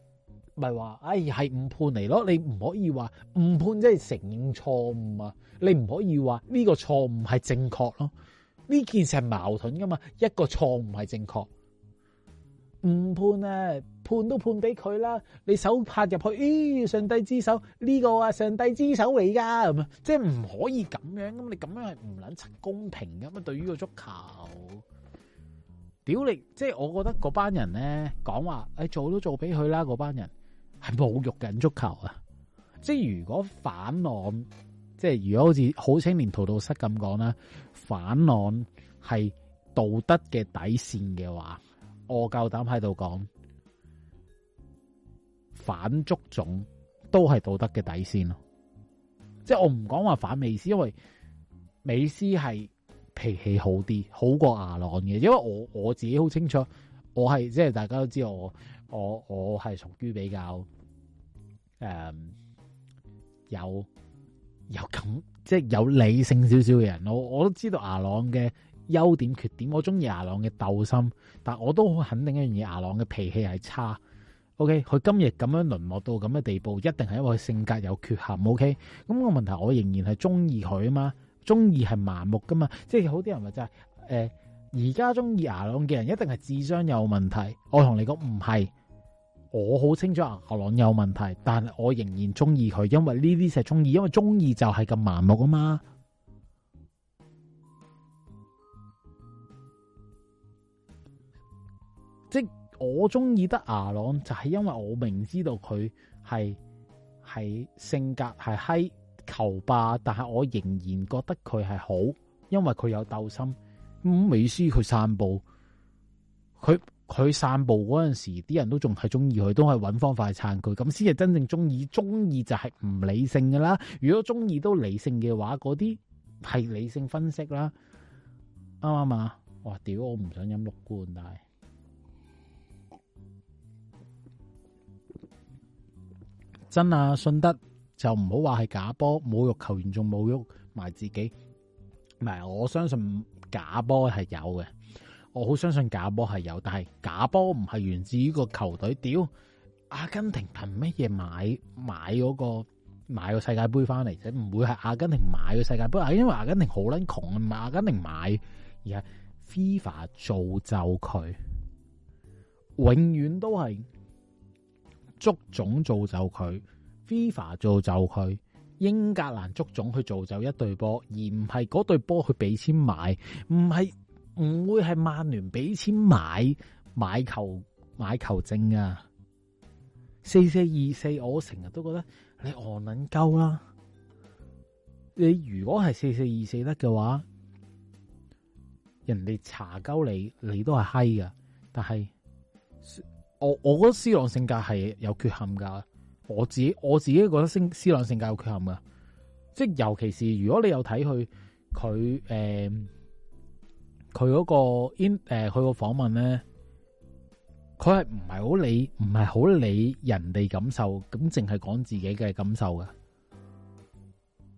咪話，哎，係誤判嚟咯。你唔可以話誤判即係承認錯誤啊，你唔可以話呢個錯誤係正確咯。呢件事係矛盾㗎嘛，一個錯誤係正確。唔判啊！判都判俾佢啦！你手拍入去，咦、哎？上帝之手呢、這個啊，上帝之手嚟噶，咁啊，即係唔可以咁樣。咁你咁樣係唔捻公平㗎。咁啊，對於個足球，屌你！即係我覺得嗰班人咧講話，誒、哎，做都做俾佢啦。嗰班人係侮辱緊足球啊！即係如果反岸，即係如果好似好青年荼毒室咁講啦，反岸係道德嘅底線嘅話。我夠膽喺度講反足總都係道德嘅底線咯，即係我唔講話反美斯，因為美斯係脾氣好啲，好過阿朗嘅。因為我我自己好清楚，我係即係大家都知道我，我我係屬於比較誒、嗯、有有咁即係有理性少少嘅人。我我都知道阿朗嘅。優點缺點，我中意牙狼嘅鬥心，但我都好肯定一樣嘢，牙狼嘅脾氣係差。OK，佢今日咁樣淪落到咁嘅地步，一定係因為佢性格有缺陷。OK，咁個問題我仍然係中意佢啊嘛，中意係盲目噶嘛，即係好啲人話就係、是，誒、呃，而家中意牙狼嘅人一定係智商有問題。我同你講唔係，我好清楚牙狼有問題，但係我仍然中意佢，因為呢啲就係中意，因為中意就係咁盲目啊嘛。我中意得牙朗就係、是、因為我明知道佢係係性格係閪球霸，但係我仍然覺得佢係好，因為佢有鬥心，咁美斯佢散步。佢佢散步嗰陣時，啲人都仲係中意佢，都係搵方法去撐佢，咁先係真正中意。中意就係唔理性噶啦，如果中意都理性嘅話，嗰啲係理性分析啦，啱唔啱啊？哇！屌，我唔想飲六罐，但係。真啊，順德就唔好話係假波，侮辱球員仲侮辱埋自己。唔係，我相信假波係有嘅，我好相信假波係有，但係假波唔係源自於個球隊。屌，阿根廷憑乜嘢買買嗰個買個世界杯翻嚟？即係唔會係阿根廷買個世界杯，因為阿根廷好撚窮啊，唔係阿根廷買，而係 FIFA 造就佢，永遠都係。足總做就佢，FIFA 做就佢，英格蘭足總去做就一隊波，而唔係嗰隊波去俾錢買，唔係唔會係曼聯俾錢買買球買球證啊！四四二四，我成日都覺得你戇捻鳩啦！你如果係四四二四得嘅話，人哋查鳩你，你都係嗨噶，但係。我我覺得思朗性格係有缺陷噶我自己我自己覺得思思朗性格有缺陷噶即係尤其是如果你有睇佢佢誒佢嗰個 in 誒佢個訪問咧，佢係唔係好理唔係好理人哋感受，咁淨係講自己嘅感受噶。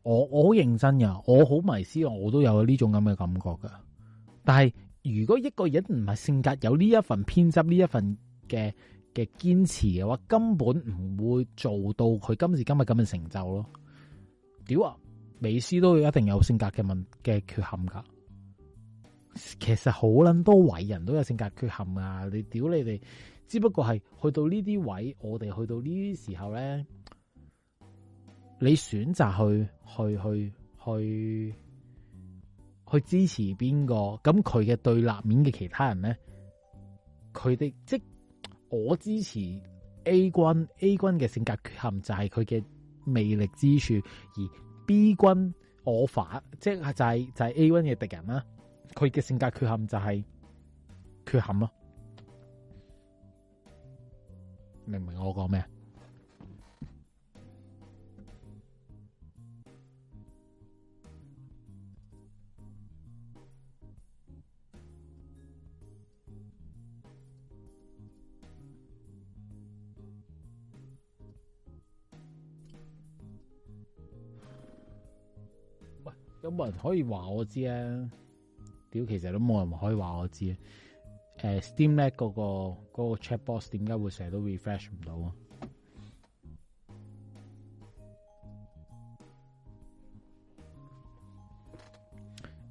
我我好認真噶我好迷思朗，我都有呢種咁嘅感覺噶。但係如果一個人唔係性格有呢一份偏執，呢一份。嘅嘅堅持嘅話，根本唔會做到佢今時今日咁嘅成就咯。屌、哎、啊！美斯都有一定要有性格嘅問嘅缺陷噶。其實好捻多偉人都有性格缺陷啊！你屌你哋，只不過係去到呢啲位，我哋去到呢啲時候咧，你選擇去去去去去支持邊個，咁佢嘅對立面嘅其他人咧，佢哋即。我支持 A 君，A 君嘅性格缺陷就係佢嘅魅力之處，而 B 君我反，即係就係、是、就係、是、A 君嘅敵人啦。佢嘅性格缺陷就係缺陷咯，明唔明我講咩啊？有冇人可以話我知啊？屌，其實都冇人可以話我知啊！欸，Steamnet 嗰個嗰個 chat box 點解會成日都 refresh 唔到啊？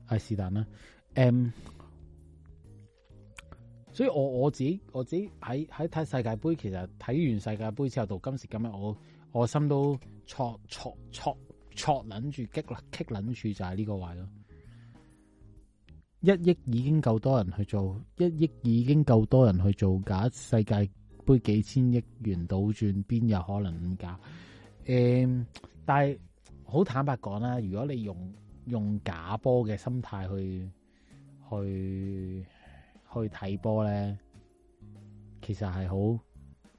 係是但啦，所以我我自己我自己喺喺睇世界盃，其實睇完世界盃之後到今時今日我，我我心都挫挫挫。錯捻住激啦，激捻住就係呢個位咯。一億已經夠多人去做，一億已經夠多人去做假。世界杯幾千億元倒轉，邊有可能咁搞？誒、嗯，但係好坦白講啦，如果你用用假波嘅心態去去去睇波咧，其實係好，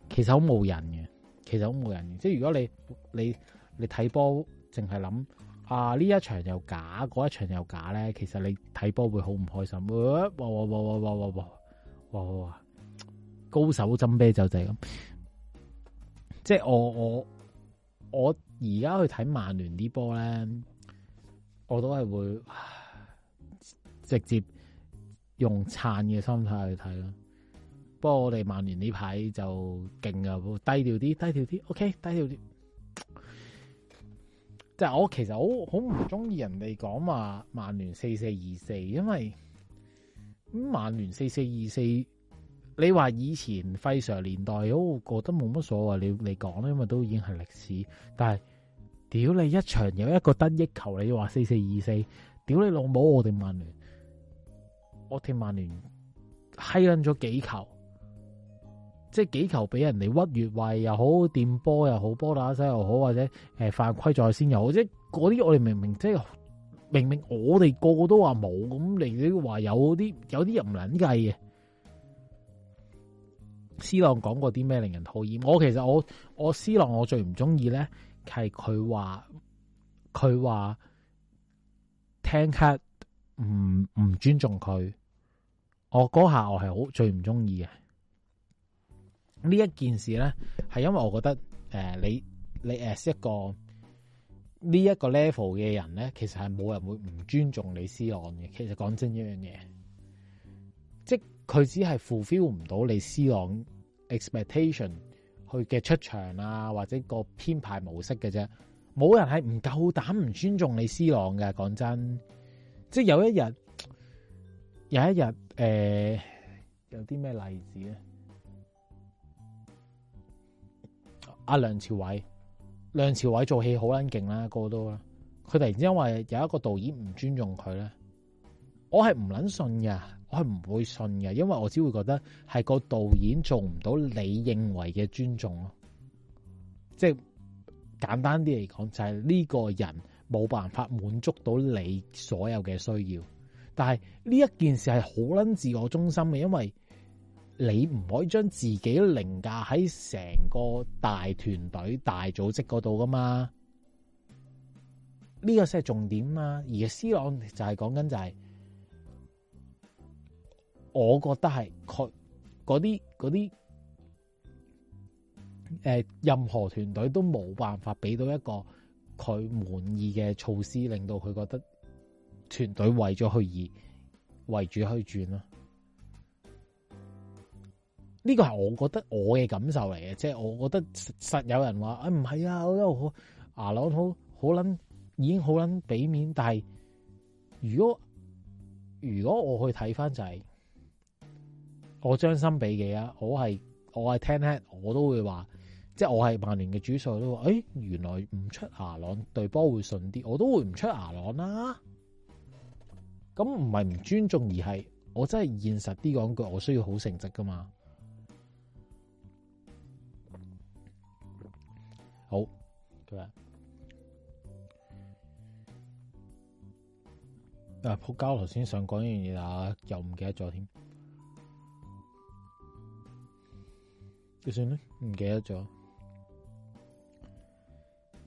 其實好冇人嘅，其實好冇人嘅。即係如果你你你睇波。淨係諗啊呢一場又假，嗰一場又假咧，其實你睇波會好唔開心。哇哇哇哇哇哇哇哇哇！哇高手斟啤酒就係咁，即係我我我而家去睇曼聯啲波咧，我都係會直接用撐嘅心態去睇咯。不過我哋曼聯呢排就勁噶，低調啲，低調啲，OK，低調啲。但係我其實好好唔中意人哋講話曼聯四四二四，萬24，因為咁曼聯四四二四，24，你話以前費常年代，我覺得冇乜所謂，你你講啦，因為都已經係歷史。但係屌你一場有一個得益球，你話四四二四，屌你老母，我哋曼聯，我哋曼聯閪撚咗幾球。即係幾球俾人哋屈越位又好，掂波又好，波打西又好，或者誒犯規在先又好，即係嗰啲，我哋明明即係明明我哋個個都話冇，咁你都話有啲有啲人唔捻計嘅。斯朗講過啲咩令人討厭？我其實我我斯朗我最唔中意咧係佢話佢話聽卡唔唔尊重佢，我嗰下我係好最唔中意嘅。呢一件事咧，係因為我覺得，誒、呃，你你 as 一個呢一、這個 level 嘅人咧，其實係冇人會唔尊重你 C 朗嘅。其實講真，一樣嘢，即佢只係 fulfill 唔到你 C 朗 expectation 去嘅出場啊，或者個編排模式嘅啫。冇人係唔夠膽唔尊重你 C 朗嘅。講真，即係有一日，有一日，誒、呃，有啲咩例子咧？阿梁朝偉，梁朝偉做戲好撚勁啦，個個都啦。佢突然之間因為有一個導演唔尊重佢咧，我係唔撚信嘅，我係唔會信嘅，因為我只會覺得係個導演做唔到你認為嘅尊重咯。即係簡單啲嚟講就係、是、呢個人冇辦法滿足到你所有嘅需要。但係呢一件事係好撚自我中心嘅，因為，你唔可以將自己凌駕喺成個大團隊、大組織嗰度噶嘛？呢個先係重點嘛。而思朗就係講緊就係，我覺得係佢嗰啲嗰啲誒，任何團隊都冇辦法俾到一個佢滿意嘅措施，令到佢覺得團隊為咗佢而為住去轉咯。呢個係我覺得我嘅感受嚟嘅，即係我覺得實，實有人話，誒唔係啊，我得好牙朗好好捻，已經好捻俾面。但係如果如果我去睇翻就係，我將心比己啊，我係我係聽聽，我都會話，即係我係曼聯嘅主帥都話，誒原來唔出牙朗對波會順啲，我都會唔出牙朗啦。咁唔係唔尊重，而係我真係現實啲講句，我需要好成績噶嘛。好，佢吧啊，啊撲膠頭先想講呢樣嘢啊，又唔記得咗添，點算呢？唔記得咗，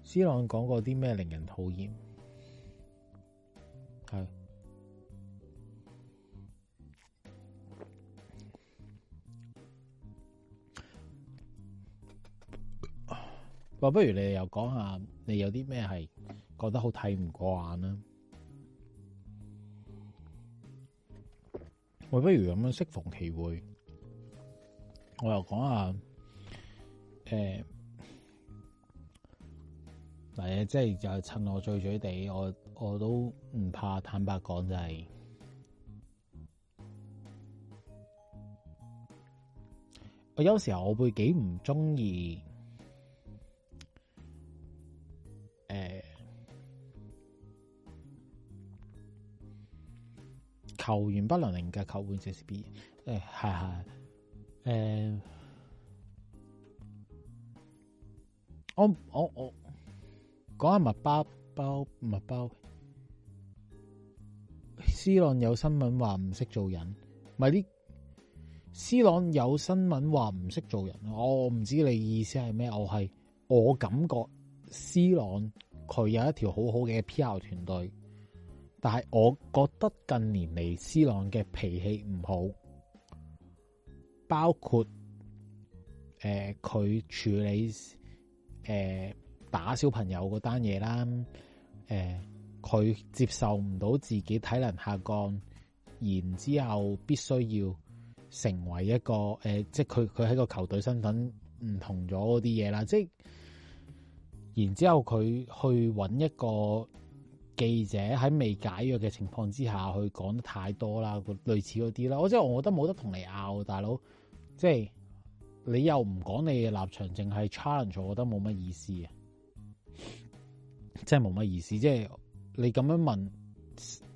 斯朗講過啲咩令人討厭？話不如你又講下，你有啲咩係覺得好睇唔過眼呢？我不如咁樣適逢其會，我又講下，誒、欸，嗱，即係又趁我醉醉地，我我都唔怕坦白講、就是，就係我有時候我會幾唔中意。誒，球員不能令嘅，球員即係 B。誒，係係誒，我我我講下麥包包麥包。C 朗有新聞話唔識做人，咪啲 C 朗有新聞話唔識做人。我唔知你意思係咩，我係我感覺。C 朗佢有一條好好嘅 P. R. 團隊，但係我覺得近年嚟，C 朗嘅脾氣唔好，包括誒佢、呃、處理誒、呃、打小朋友嗰單嘢啦，誒、呃、佢接受唔到自己體能下降，然之後必須要成為一個誒、呃，即係佢佢喺個球隊身份唔同咗嗰啲嘢啦，即係。然之後佢去揾一個記者喺未解約嘅情況之下，去講得太多啦，類似嗰啲啦。我即係我覺得冇得同你拗，大佬，即係你又唔講你嘅立場，淨係 challenge，我覺得冇乜意思啊！即係冇乜意思，即係你咁樣問，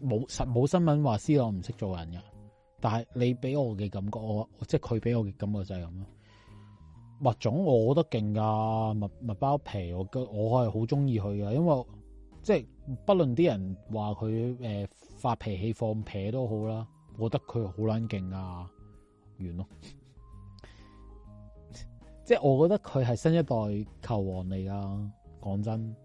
冇實冇新聞話 C 朗唔識做人噶，但係你俾我嘅感覺，我即係佢俾我嘅感覺就係咁咯。物種我覺得勁噶，麥包皮，我我係好中意佢嘅，因為即係不論啲人話佢誒發脾氣放屁都好啦，我覺得佢好撚勁啊，完咯。 *laughs* 即係我覺得佢係新一代球王嚟㗎，講真，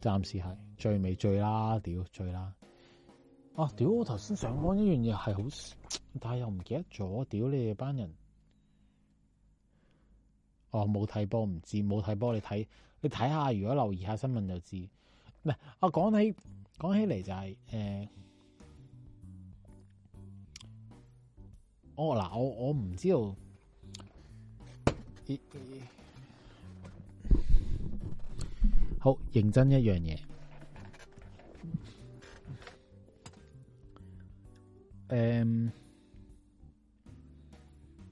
暫時係最未最啦，屌最啦。啊，屌！我頭先想講呢樣嘢係好，但係又唔記得咗，屌你哋班人。我冇睇波唔知，冇睇波你睇，你睇下如果留意下新聞就知。唔、啊、係、就是呃哦，我講起講起嚟就係誒，我嗱我我唔知道。哎哎、好認真一樣嘢，嗯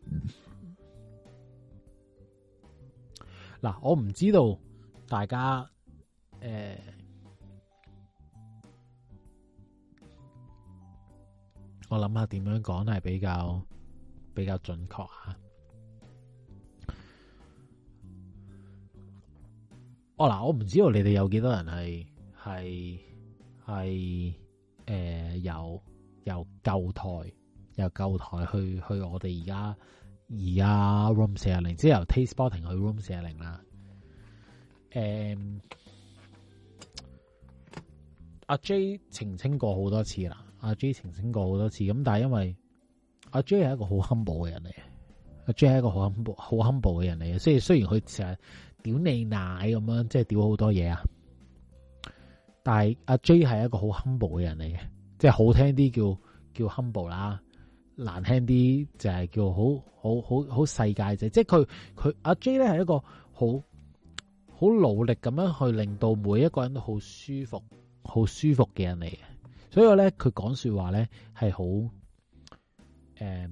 嗯嗱，我唔知道大家，誒、呃，我諗下點樣講係比較比較準確吓。哦、啊，嗱，我唔知道你哋有幾多人係係係誒，有由舊台有舊台去去我哋而家，而啊，Room 四啊零，即係由 Tasteball 停去 Room 四零，嗯、啊零啦。誒，阿 J 澄清過好多次啦，阿、啊、J 澄清過好多次，咁但係因為阿、啊、J 係一個好 humble 嘅人嚟，嘅。阿 J 係一個好 humble hum、好 humble 嘅人嚟，所以雖然佢成日屌你奶咁樣，即係屌好多嘢啊，但係、啊、阿 J 係一個好 humble 嘅人嚟嘅，即係好聽啲叫叫 humble 啦。難聽啲就係、係、叫好好好好世界仔，即係佢佢阿 J 咧係一個好好努力咁樣去令到每一個人都好舒服、好舒服嘅人嚟嘅，所以咧佢講說話咧係好誒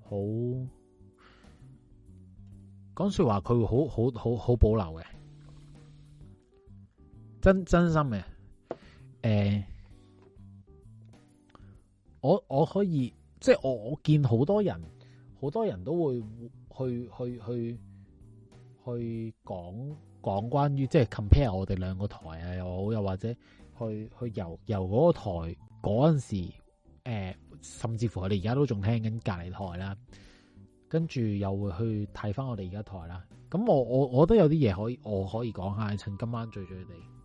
好講說話，佢會好好好好保留嘅，真真心嘅誒。嗯我我可以即係我我見好多人好多人都會去去去去講講關於即係 compare 我哋兩個台啊，又好又或者去去遊遊嗰個台嗰陣時誒、呃，甚至乎我哋而家都仲聽緊隔籬台啦，跟住又會去睇翻我哋而家台啦。咁我我我覺得有啲嘢可以我可以講下，趁今晚聚聚哋。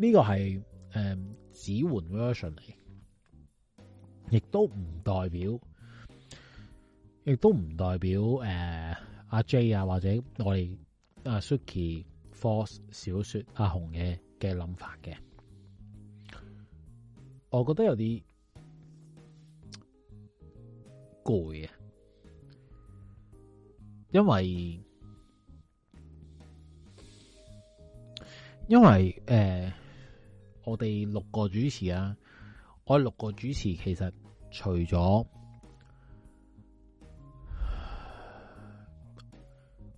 呢個係誒指換 version 嚟，亦都唔代表，亦都唔代表誒阿 J 啊，啊，啊或者我哋阿、啊、Suki Force 小說阿、啊、紅嘅嘅諗法嘅，我覺得有啲攰啊，因為因為誒。呃我哋六個主持啊，我哋六個主持其實除咗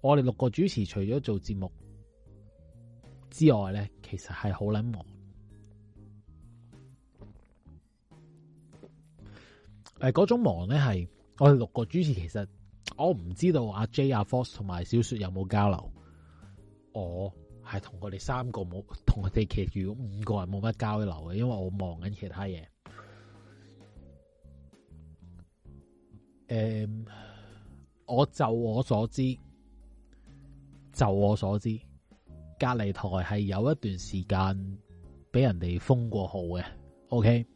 我哋六個主持，除咗做節目之外咧，其實係好捻忙。誒、呃，嗰種忙咧係我哋六個主持，其實我唔知道阿 J 阿 Fox 同埋小雪有冇交流，我。係同我哋三個冇，同我哋其餘五個人冇乜交流嘅，因為我忙緊其他嘢。誒、嗯，我就我所知，就我所知，隔籬台係有一段時間俾人哋封過號嘅。OK。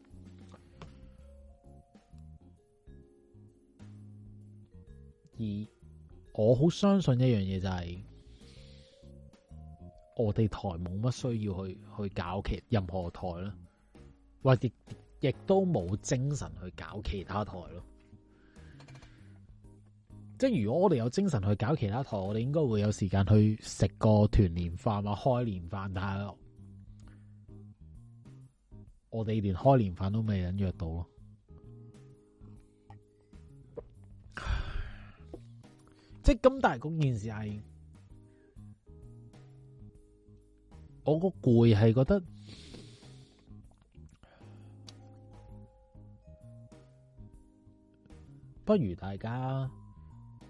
而，我好相信一樣嘢就係、是。我哋台冇乜需要去去搞其任何台啦，或者亦都冇精神去搞其他台咯。即係如果我哋有精神去搞其他台，我哋應該會有時間去食個團年飯啊、開年飯，但係我哋連開年飯都未人約到咯。即係咁大公件事係。我個攰係覺得，不如大家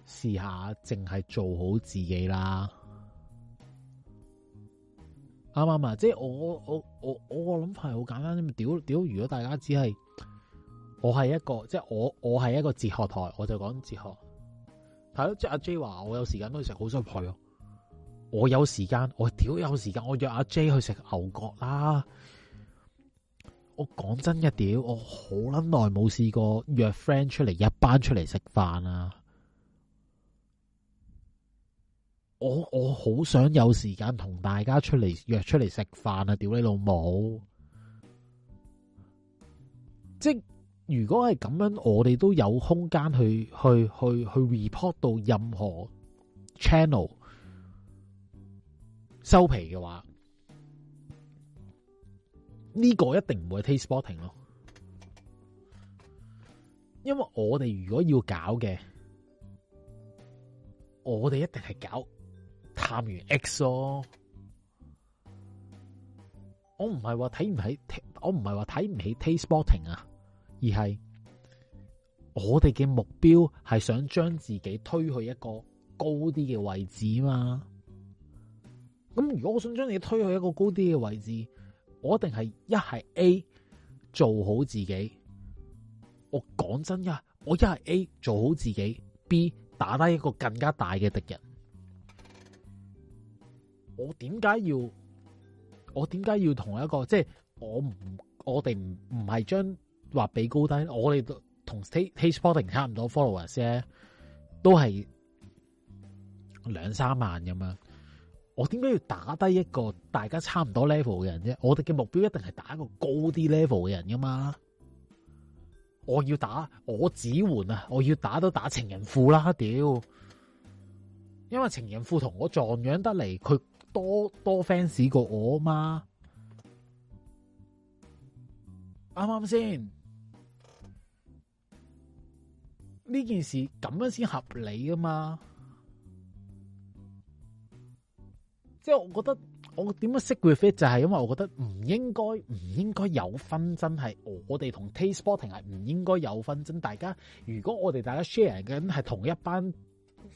試下淨係做好自己啦。啱唔啱啊？即係我我我我個諗法係好簡單，咁屌屌！如果大家只係我係一個，即係我我係一個哲學台，我就講哲學。係咯，即係阿 J 話我有時間都成好心菜咯。我有時間，我屌有時間，我約阿 J 去食牛角啦。我講真一屌，我好撚耐冇試過約 friend 出嚟，一班出嚟食飯啦。我我好想有時間同大家出嚟約出嚟食飯啊！屌你老母！即如果係咁樣，我哋都有空間去去去去 report 到任何 channel。收皮嘅話，呢、這個一定唔會係 taste sporting 咯，因為我哋如果要搞嘅，我哋一定係搞探員 X 咯。我唔係話睇唔起，我唔係話睇唔起 taste sporting 啊，而係我哋嘅目標係想將自己推去一個高啲嘅位置嘛。咁如果我想將你推去一個高啲嘅位置，我一定係一係 A 做好自己。我講真啊，我一係 A 做好自己，B 打低一個更加大嘅敵人。我點解要？我點解要同一個即係我唔我哋唔唔係將話俾高低？我哋都同 T T Sports 差唔多 Followers 咧，都係兩三萬咁樣。我點解要打低一個大家差唔多 level 嘅人啫？我哋嘅目標一定係打一個高啲 level 嘅人噶嘛？我要打我指煥啊！我要打都打，打情人褲啦屌！因為情人褲同我撞樣得嚟，佢多多 fans 過我嘛？啱啱先？呢件事咁樣先合理㗎嘛？即係我覺得我點樣識佢 fit 就係因為我覺得唔應該唔應該有紛爭，係我哋同 Taste Sporting 係唔應該有紛爭。大家如果我哋大家 share 緊係同一班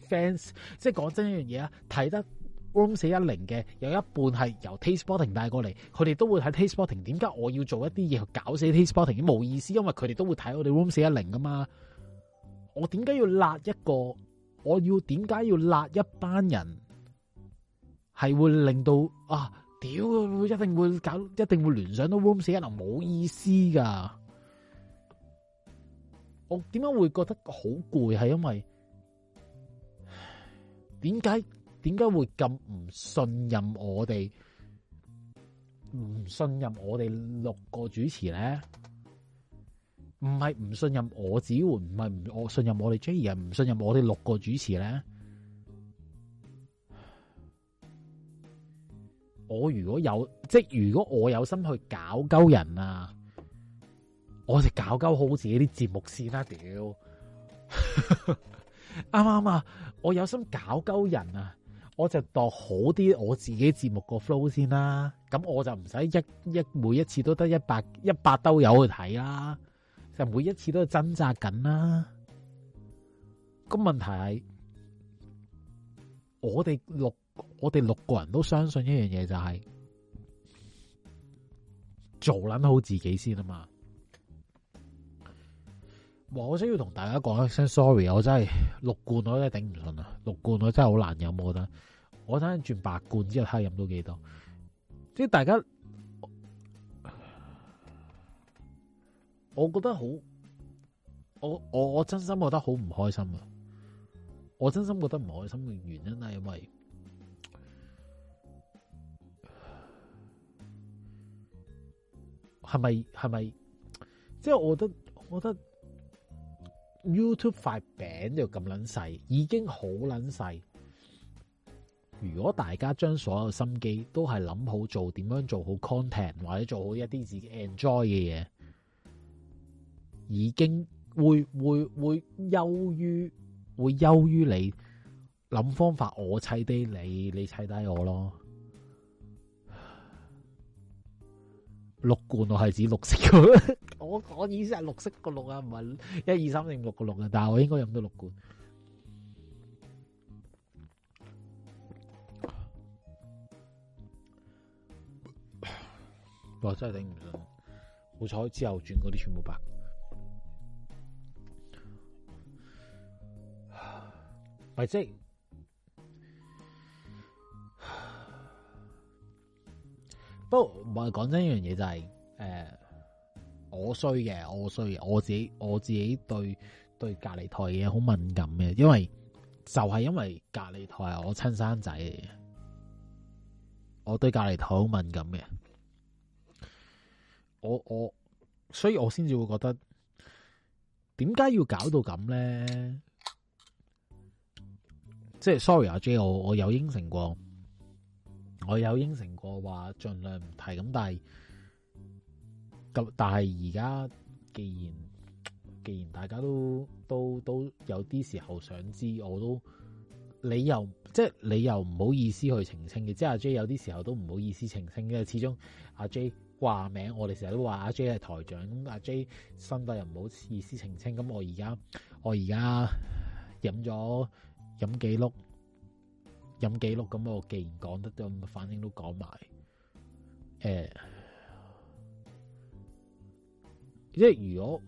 fans，即係講真一樣嘢啊，睇得 Room 四一零嘅，有一半係由 Taste Sporting 帶過嚟，佢哋都會睇 Taste Sporting。點解我要做一啲嘢去搞死 Taste Sporting？冇意思，因為佢哋都會睇我哋 Room 四一零噶嘛。我點解要辣一個？我要點解要辣一班人？係會令到啊！屌，會一定會搞，一定會聯想到 Room 410，可能冇意思噶。我點解會覺得好攰？係因為點解點解會咁唔信任我哋？唔信任我哋六個主持咧？唔係唔信任我子桓，唔係唔我信任我哋 J，唔信任我哋六個主持咧？我如果有即係如果我有心去搞鳩人啊，我就搞鳩好自己啲節目先啦、啊。屌，啱 *laughs* 啱啊，啊？我有心搞鳩人啊，我就度好啲我自己節目個 flow 先啦、啊。咁我就唔使一一每一次都得一百一百兜友去睇啦、啊，就每一次都係掙扎緊啦、啊。咁問題係我哋六。我哋六個人都相信一樣嘢，就係做捻好自己先啊嘛！我想要同大家講一聲 sorry，我真係六罐，我真係頂唔順啊！六罐我真係好難飲，我覺得我等陣轉八罐之後，睇下飲到幾多。即係大家，我，我覺得好，我我我真心覺得好唔開心啊！我真心覺得唔開心嘅原因係因為係咪？係咪？即係、就是、我覺得，我覺得 YouTube 塊餅就咁撚細，已經好撚細。如果大家將所有心機都係諗好做點樣做好 content，或者做好一啲自己 enjoy 嘅嘢，已經會會會優於會優於你諗方法，我砌低你，你砌低我咯。六罐我係指綠色的， *laughs* 我我的意思係綠色個綠啊，唔係一二三四五六個六啊，但我應該飲到六罐。 *laughs* 哇真係頂唔順，好彩之後轉嗰啲全部白，咪即係。不過唔係，講真，一樣嘢就係、是、誒、呃，我衰嘅，我衰嘅，我自己我自己對對隔籬台嘢好敏感嘅，因為就係、是、因為隔籬台係我親生仔嚟嘅，我對隔籬台好敏感嘅，我我所以，我先至會覺得點解要搞到咁咧？即、就、係、是、sorry 啊 J，我我有應承過。我有應承過話，儘量唔提咁，但係咁，但係而家既然既然大家都都都有啲時候想知，我都你又即係你又唔好意思去澄清嘅，即係阿 J 有啲時候都唔好意思澄清嘅，始終阿 J 話名，我哋成日都話阿 J 係台長，咁阿 J 心底又唔好意思澄清，咁我而家我而家飲咗飲幾碌。任記錄咁，我既然講得都，反正都講埋。誒、欸，即係如果，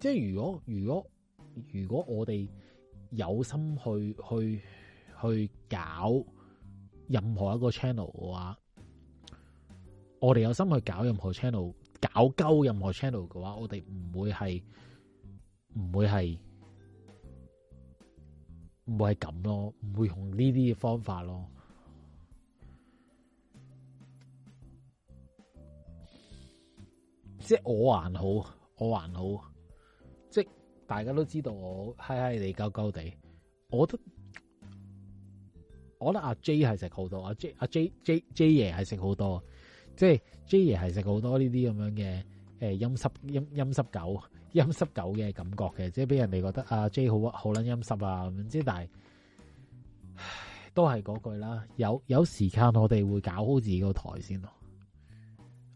即係如果，如果，如果我哋有心去去去搞任何一個 channel 嘅話，我哋有心去搞任何 channel，搞鳩任何 channel 嘅話，我哋唔會係唔會係。唔會係咁咯，唔會用呢啲方法咯。即係我還好，我還好。即係大家都知道我嗨嗨地、鳩鳩地，我都，我覺得阿 J 係食好多，阿 J 阿 J J J 爺係食好多，即係 J 爺係食好多呢啲咁樣嘅，誒，陰濕陰陰濕狗。陰濕狗嘅感覺嘅，即係俾人哋覺得阿 J 好好撚陰濕啊，唔知，即係但係都係嗰句啦。有有時間我哋會搞好自己個台先咯。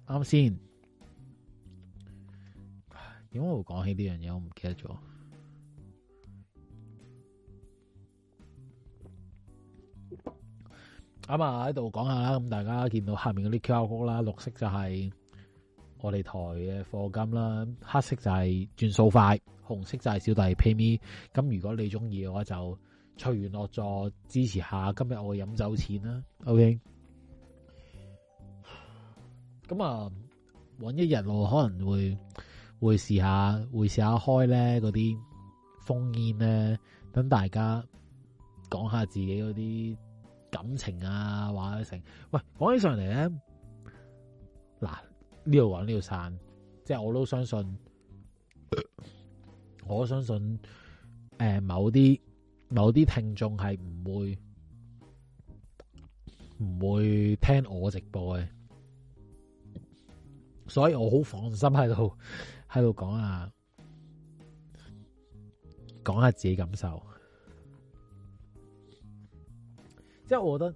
啱先，點解會講起呢樣嘢？我唔記得咗。啱啊，喺度講下啦。咁大家見到下面嗰啲 QR Code 啦，綠色就係、是。我哋台嘅課金啦，黑色就係轉數快，紅色就係小弟 pay me。咁如果你中意嘅話，我就隨緣落座支持下。今日我飲酒錢啦，OK。咁啊，揾一日我可能會會試下，會試下開咧嗰啲烽煙咧，等大家講下自己嗰啲感情啊，話成。喂，講起上嚟咧，嗱。呢度講呢度散，即係我都相信，我相信誒、呃，某啲某啲聽眾係唔會唔會聽我的直播嘅，所以我好放心喺度喺度講啊，講下自己感受，即係我覺得。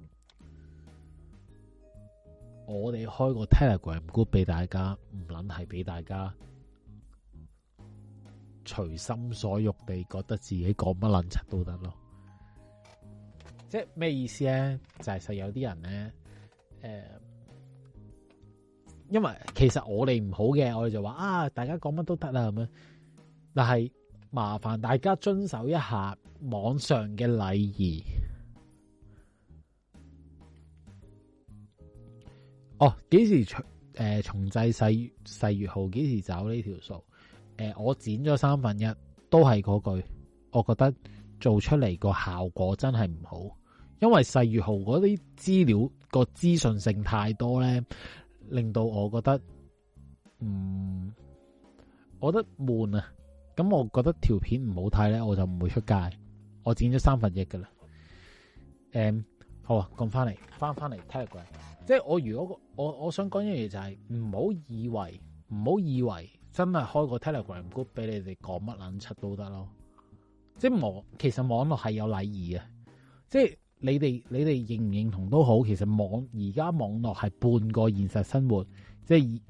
我哋開個 Telegram group 俾大家，唔捻係俾大家隨心所欲地覺得自己講乜捻柒都得咯。即係咩意思咧？就係、是、實有啲人咧，誒、呃，因為其實我哋唔好嘅，我哋就話啊，大家講乜都得啦咁樣。但係麻煩大家遵守一下網上嘅禮儀。哦，幾時、呃、重誒重製細細月號找？幾時走呢條數？誒，我剪咗三分一，都係嗰句，我覺得做出嚟個效果真係唔好，因為細月號嗰啲資料、個資訊性太多咧，令到我覺得，嗯，我覺得悶啊。咁我覺得條片唔好睇咧，我就唔會出街。我剪咗三分一噶啦。誒、嗯，好啊，咁翻嚟，翻翻嚟睇下鬼。即係我如果我我想講一樣嘢，就係唔好以為，唔好以為真係開個 Telegram group 俾你哋講乜撚柒都得咯，即係網，其實網絡係有禮儀嘅，即係你哋你哋認唔認同都好，其實網而家網絡係半個現實生活，即係以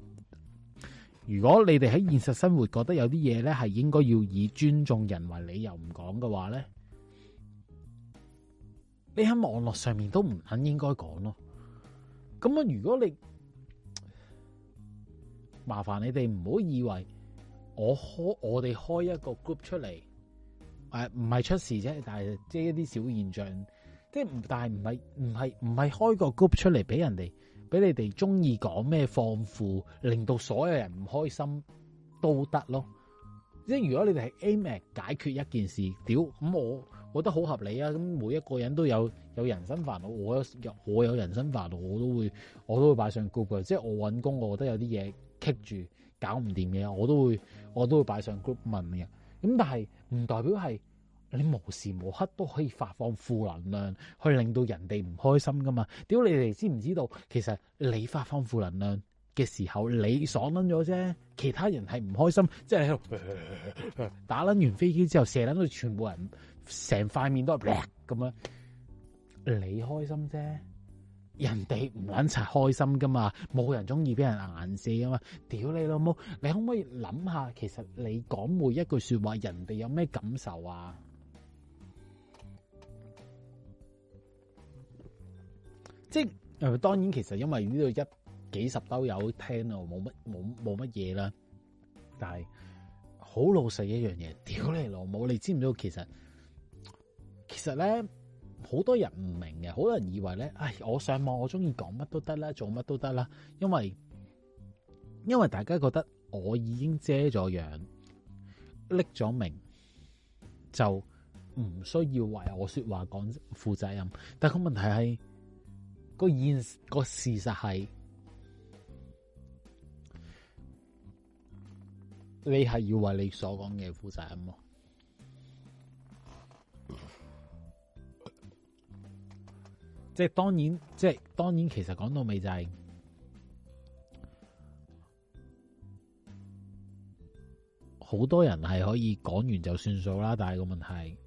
如果你哋喺現實生活覺得有啲嘢咧係應該要以尊重人為理由唔講嘅話咧，你喺網絡上面都唔肯應該講咯。咁啊！如果你麻煩你哋唔好以為我開我哋開一個 group 出嚟，誒唔係出事啫，但係即係一啲小現象，即係唔但係唔係唔係唔係開一個 group 出嚟俾人哋，俾你哋中意講咩放負，令到所有人唔開心都得咯。即係如果你哋係 aim 係解決一件事，屌咁我。我覺得好合理啊！咁每一個人都有有人生煩惱，我有我有人生煩惱，我都會我都會擺上 group 嘅。即係我揾工，我覺得有啲嘢棘住，搞唔掂嘅，我都會我都會擺上 group 問嘅。咁但係唔代表係你無時無刻都可以發放負能量，去令到人哋唔開心噶嘛？屌你哋知唔知道？其實你發放負能量嘅時候，你爽撚咗啫，其他人係唔開心，即係喺度打撚完飛機之後，射撚到全部人。成塊面都係 black 咁樣，你開心啫，人哋唔揾齊開心噶嘛，冇人中意俾人顏射啊嘛，屌你老母！你可唔可以諗下，其實你講每一句說話，人哋有咩感受啊？即係當然，其實因為呢度一幾十兜友聽啊，冇乜冇冇乜嘢啦。但係好老實一樣嘢，屌你老母！你知唔知道其實？其實咧，好多人唔明嘅，好多人以為咧，唉，我上網我中意講乜都得啦，做乜都得啦，因為因為大家覺得我已經遮咗樣，匿咗名，就唔需要為我說話講負責任。但個問題係，個現個事實係，你係要為你所講嘅負責任。即係當然，即係當然，其實講到尾就係、是、好多人係可以講完就算數啦。但係個問題，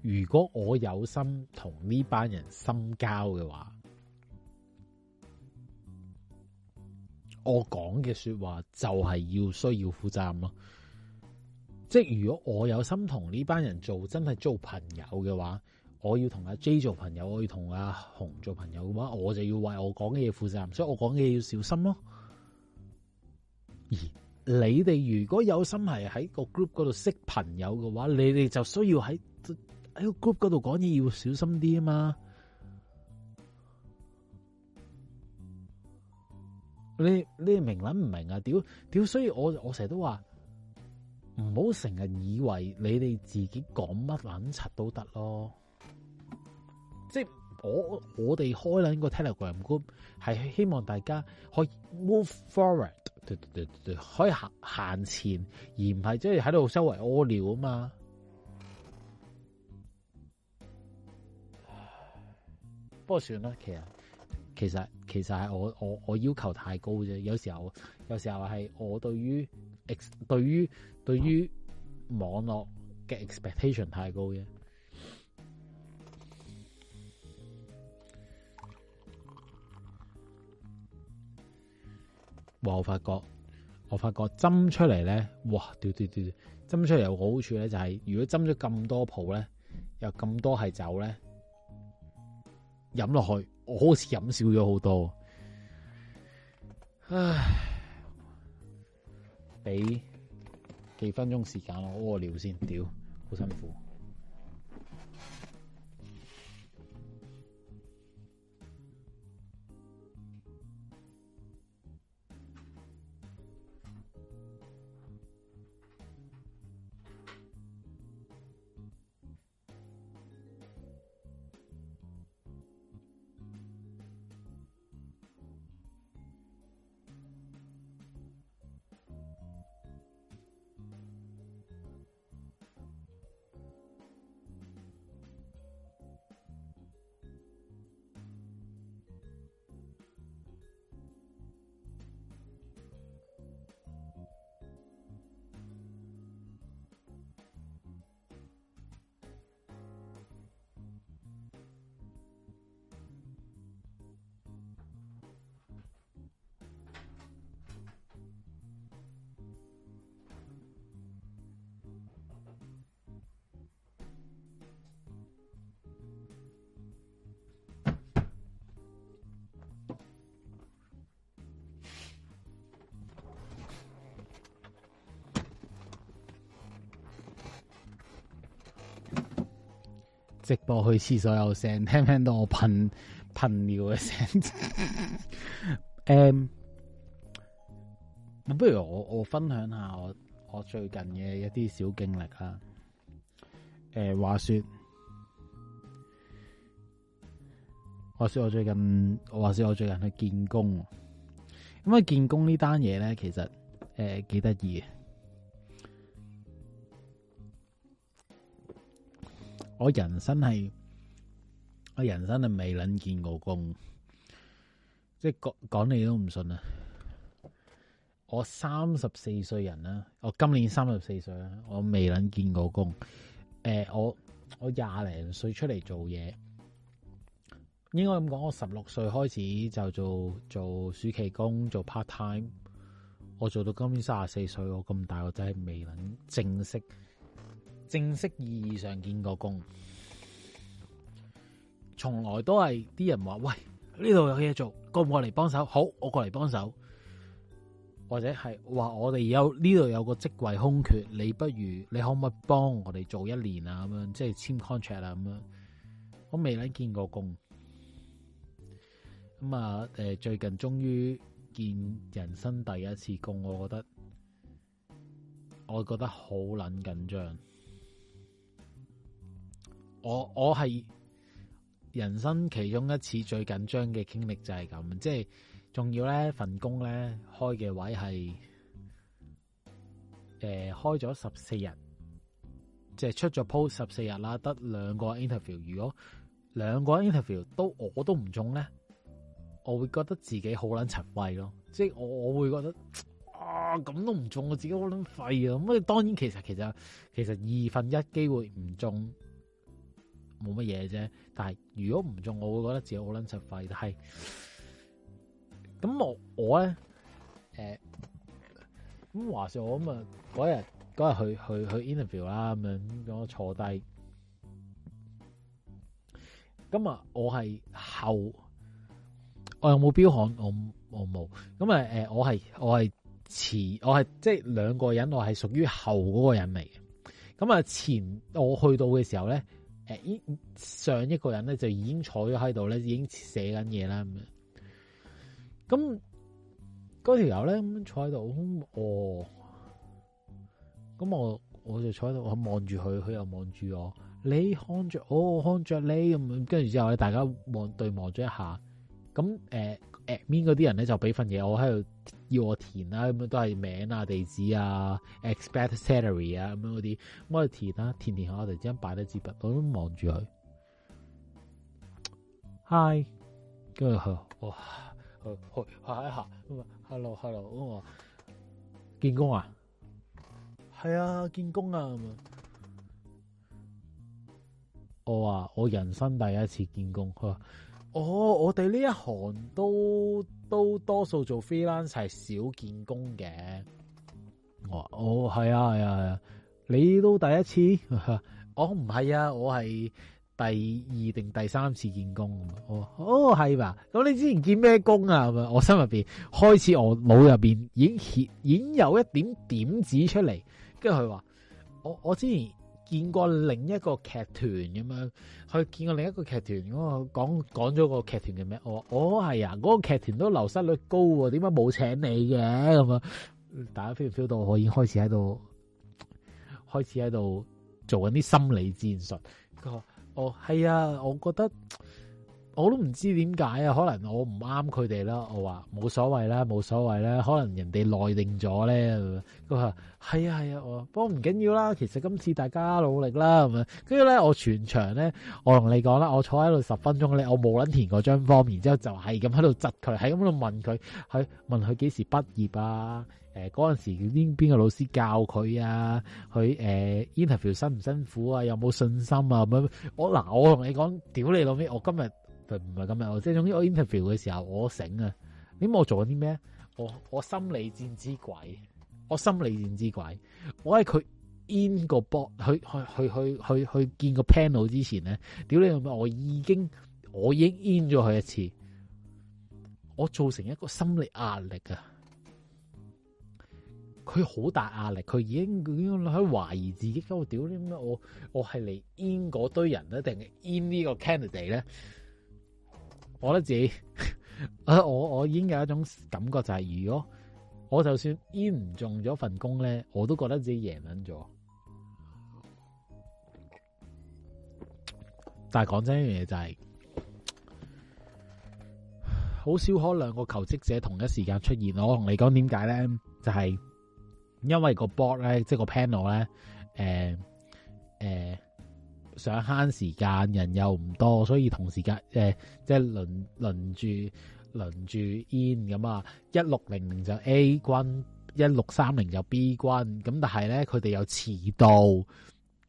如果我有心同呢班人深交嘅話，我講嘅說的話就係要需要負責任咯。即係如果我有心同呢班人做，真係做朋友嘅話，我要同阿 J 做朋友，我要同阿紅做朋友嘅話，我就要為我講嘅嘢負責任，所以我講嘅嘢要小心咯。而你哋如果有心係喺個 group 嗰度識朋友嘅話，你哋就需要喺喺個 group 嗰度講嘢要小心啲啊嘛。你你哋明諗唔明啊？屌屌，所以我我成日都話。唔好成日以為你哋自己講乜捻柒都得咯，即係我我哋開捻個 telegram group 係希望大家可以 move forward，可以行行前，而唔係即係喺度周圍屙尿啊嘛。不過算啦，其實其實其實係我我我要求太高啫。有時候有時候係我對於對於。對於網絡嘅 expectation 太高嘅，哇！我發覺，我發覺斟出嚟咧，哇！掉掉掉掉！斟出嚟有個好處咧、就是，就係如果斟咗咁多泡咧，有咁多係酒咧，飲落去我好似飲少咗好多，唉，俾。幾分鐘時間咯，屙尿先，屌，好辛苦。直播去廁所有聲，聽唔聽到我噴噴尿嘅聲？誒， *laughs* um, 不如我我分享一下我我最近嘅一啲小經歷啊。誒、呃，話說，話說我最近，我話說我最近去見工，咁啊見工呢單嘢咧，其實誒幾得意。呃我人生係我人生係未撚見過工，即係講講你都唔信啊！我三十四歲人啦，我今年三十四歲啦，我未撚見過工。誒、呃，我我廿零歲出嚟做嘢，應該咁講，我十六歲開始就做做暑期工，做 part time，我做到今年三十四歲，我咁大，我個仔係未撚正式。正式意義上見過工，從來都係啲人話：喂，呢度有嘢做，過唔過嚟幫手？好，我過嚟幫手。或者係話我哋有呢度有個職位空缺，你不如你可唔可以幫我哋做一年啊？咁樣即係簽 contract 啊？咁樣我未能見過工。咁、嗯、啊，誒、呃、最近終於見人生第一次工，我覺得我覺得好撚緊張。我我係人生其中一次最緊張嘅經歷就係咁，即係仲要咧份工咧開嘅位係誒、呃、開咗十四日，即係出咗 post 十四日啦，得兩個 interview。如果兩個 interview 都我都唔中咧，我會覺得自己好撚沉廢咯。即係我我會覺得啊，咁都唔中，我自己好撚廢啊。咁當然其實其實其實二分一機會唔中。冇乜嘢啫，但係如果唔中，我會覺得自己好撚失費。但係咁，我呢、呃、我咧誒咁話說我咁啊，嗰日嗰日去去去 interview 啦，咁樣我坐低咁啊，我係後我有冇標行？我我冇咁啊。誒，我係我係前，我係即係兩個人，我係屬於後嗰個人嚟嘅。咁啊，前我去到嘅時候咧。誒，依上一個人咧就已經坐咗喺度咧，已經寫緊嘢啦咁樣。咁嗰條友咧，咁坐喺度，好、哦、餓。咁我我就坐喺度，我望住佢，佢又望住我。你看着我，我、哦、看着你咁。跟住之後咧，大家望對望咗一下。咁誒誒面嗰啲人咧就俾份嘢我喺度。要我填啊，咁樣都係名啊、地址啊、expect salary 啊咁樣嗰啲，咁咁我哋填啦，填填下我哋將擺低支筆，我都望住佢。Hi，跟住佢，哇，去去拍一下 Hello，Hello，我話見工啊，係啊，見工啊，咁、oh，啊，我話我人生第一次見工，佢話，哦，我哋呢一行都。都多數做 freelance 係少見工嘅。我話哦，係啊，係啊，係啊，啊，你都第一次？我唔係啊，我係第二定第三次見工。我話哦係吧，咁你之前見咩工啊？我心入邊開始我腦入邊已經顯有一點點指出嚟，跟住佢話我我之前。見過另一個劇團咁樣，去見過另一個劇團咁啊，講講咗個劇團嘅咩？我話哦係啊，嗰個劇團都流失率高喎，點解冇請你嘅咁啊？大家 feel 唔 feel 到我可以開始喺度，開始喺度做緊啲心理戰術？佢話哦係啊，我覺得。我都唔知點解啊，可能我唔啱佢哋啦。我話冇所謂啦，冇所謂啦。可能人哋內定咗咧。佢話係啊係啊，啊不過唔緊要啦。其實今次大家努力啦咁樣跟住咧，我全場咧，我同你講啦，我坐喺度十分鐘咧，我冇撚填嗰張方，然之後就係咁喺度窒佢，喺咁度問佢，佢問佢幾時畢業啊？嗰、呃、陣時邊邊個老師教佢啊？佢誒、呃、interview 辛唔辛苦啊？有冇信心啊？咁樣我嗱，我同你講，屌你老味，我今日。佢唔係咁樣，即係總之我，我 interview 嘅時候我醒啊！咁我做啲咩？我我心理戰之鬼，我心理戰之鬼，我喺佢 in 個 board 去去去去去去見個 panel 之前咧，屌你媽！我已經我已經 in 咗佢一次，我造成一個心理壓力啊！佢好大壓力，佢已經已經喺懷疑自己，我屌你媽！我我係嚟 in 嗰堆人咧，定係 in 呢個 candidate 咧？我覺得自己啊， *laughs* 我我已經有一種感覺、就係，就係如果我就算 in 唔中咗份工咧，我都覺得自己贏撚咗。但係講真一樣嘢就係、係，好少可兩個求職者同一時間出現。我同你講點解咧？就係、係、因為個 board 咧、呃，即係個 panel 咧，誒誒。想慳時間，人又唔多，所以同時間、呃、即係輪輪住輪住 in 咁啊！一六零零就 A 軍，一六三零就 B 軍。咁但係咧，佢哋又遲到，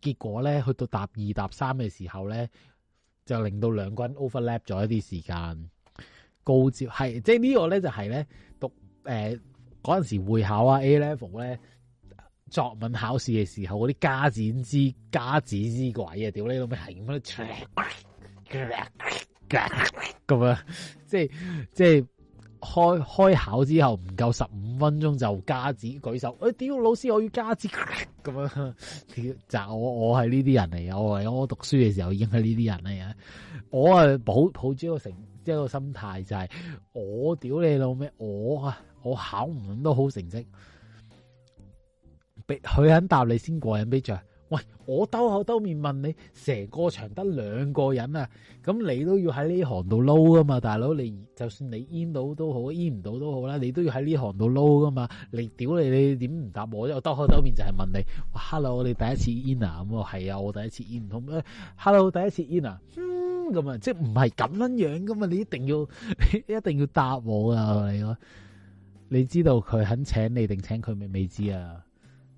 結果咧去到搭二搭三嘅時候咧，就令到兩軍 overlap 咗一啲時間。高照係即係呢個咧，就係、是、咧讀嗰陣、呃、時會考啊 A level 咧。作文考試嘅時候，嗰啲加紙之加紙之鬼啊！屌你老味，係咁樣咁樣，即係即係開開考之後唔夠十五分鐘就加紙舉手。誒、哎，屌老師，我要加紙咁樣。就是、我我係呢啲人嚟，我是這些人來的，我讀書嘅時候已經係呢啲人嚟。我啊抱抱住一個成一個心態就係、是，我屌你老味，我啊我考唔到好成績。佢肯答你先過癮，俾着。喂，我兜口兜面問你，成個場得兩個人啊，咁你都要喺呢行度撈噶嘛，大佬。你就算你 In 到都好，In 唔到都好啦，你都要喺呢行度撈噶嘛。你屌你，你點唔答我啫？我兜口兜面就係問你。Hello，我哋第一次 In 啊，咁啊係啊，我第一次 In，唔同咩？Hello，第一次 In 啊，咁、嗯、啊，即係唔係咁樣樣噶嘛？你一定要，你一定要答我啊。你，你知道佢肯請你定請佢未？未知啊。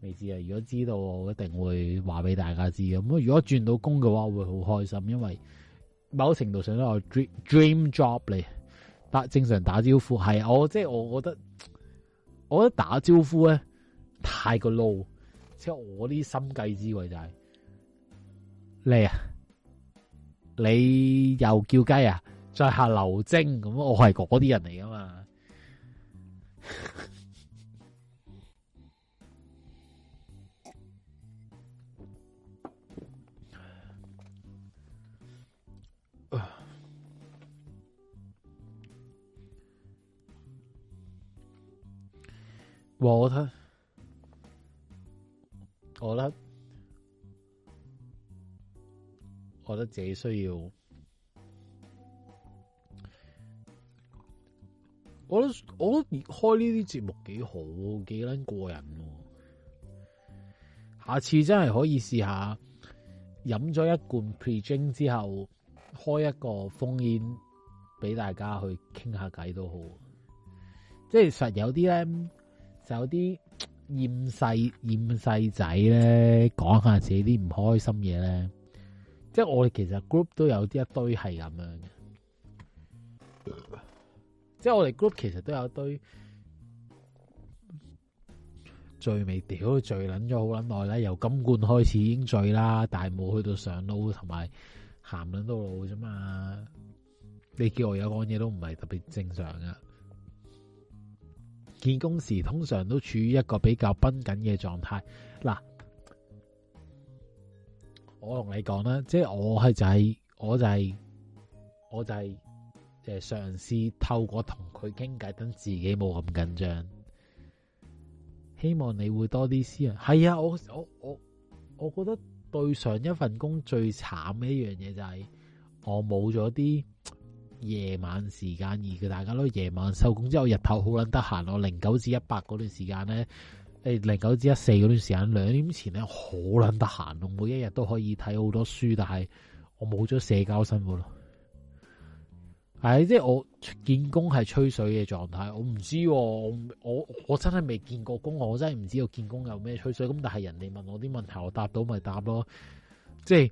未知啊！如果知道，我一定會話俾大家知嘅。咁如果轉到工嘅話，我會好開心，因為某程度上都有 dream dream job 嚟。打正常打招呼係我，即係我覺得，我覺得打招呼咧太過 low。即係我啲心計之位就係、是，「你啊，你又叫雞啊，再下劉精。」咁，我係嗰啲人嚟噶嘛。 *laughs* 我得，我得，我覺得自己需要。我，我開呢啲節目幾好，幾捻過癮。下次真係可以試下飲咗一罐 Pre-Jing 之後，開一個烽煙俾大家去傾下偈都好。即係實有啲咧。就有啲厭世厭世仔咧，講下自己啲唔開心嘢咧。即係我哋其實 group 都有啲一堆係咁樣嘅，即係我哋 group 其實都有一堆醉未屌，醉撚咗好撚耐咧。由金冠開始已經醉啦，但係冇去到上路同埋鹹撚到路啫嘛。你見我有講嘢都唔係特別正常㗎。見工時通常都處於一個比較繃緊嘅狀態。嗱，我同你講啦，即、就、係、是、我係就係、是，我就係、是，我就係、是，誒、就是、嘗試透過同佢傾偈，等自己冇咁緊張。希望你會多啲思啊。係啊，我我我我覺得對上一份工最慘嘅一樣嘢就係、是、我冇咗啲。夜晚時間而佢大家都夜晚收工之後日頭好捻得閒咯，零九至一八嗰段時間咧，誒零九至一四嗰段時間兩點前咧好捻得閒咯，每一日都可以睇好多書，但係我冇咗社交生活咯。係即係我見工係吹水嘅狀態，我唔知我我我真係未見過工，我真係唔知道見工有咩吹水。咁但係人哋問我啲問題，我答到咪答咯，即係。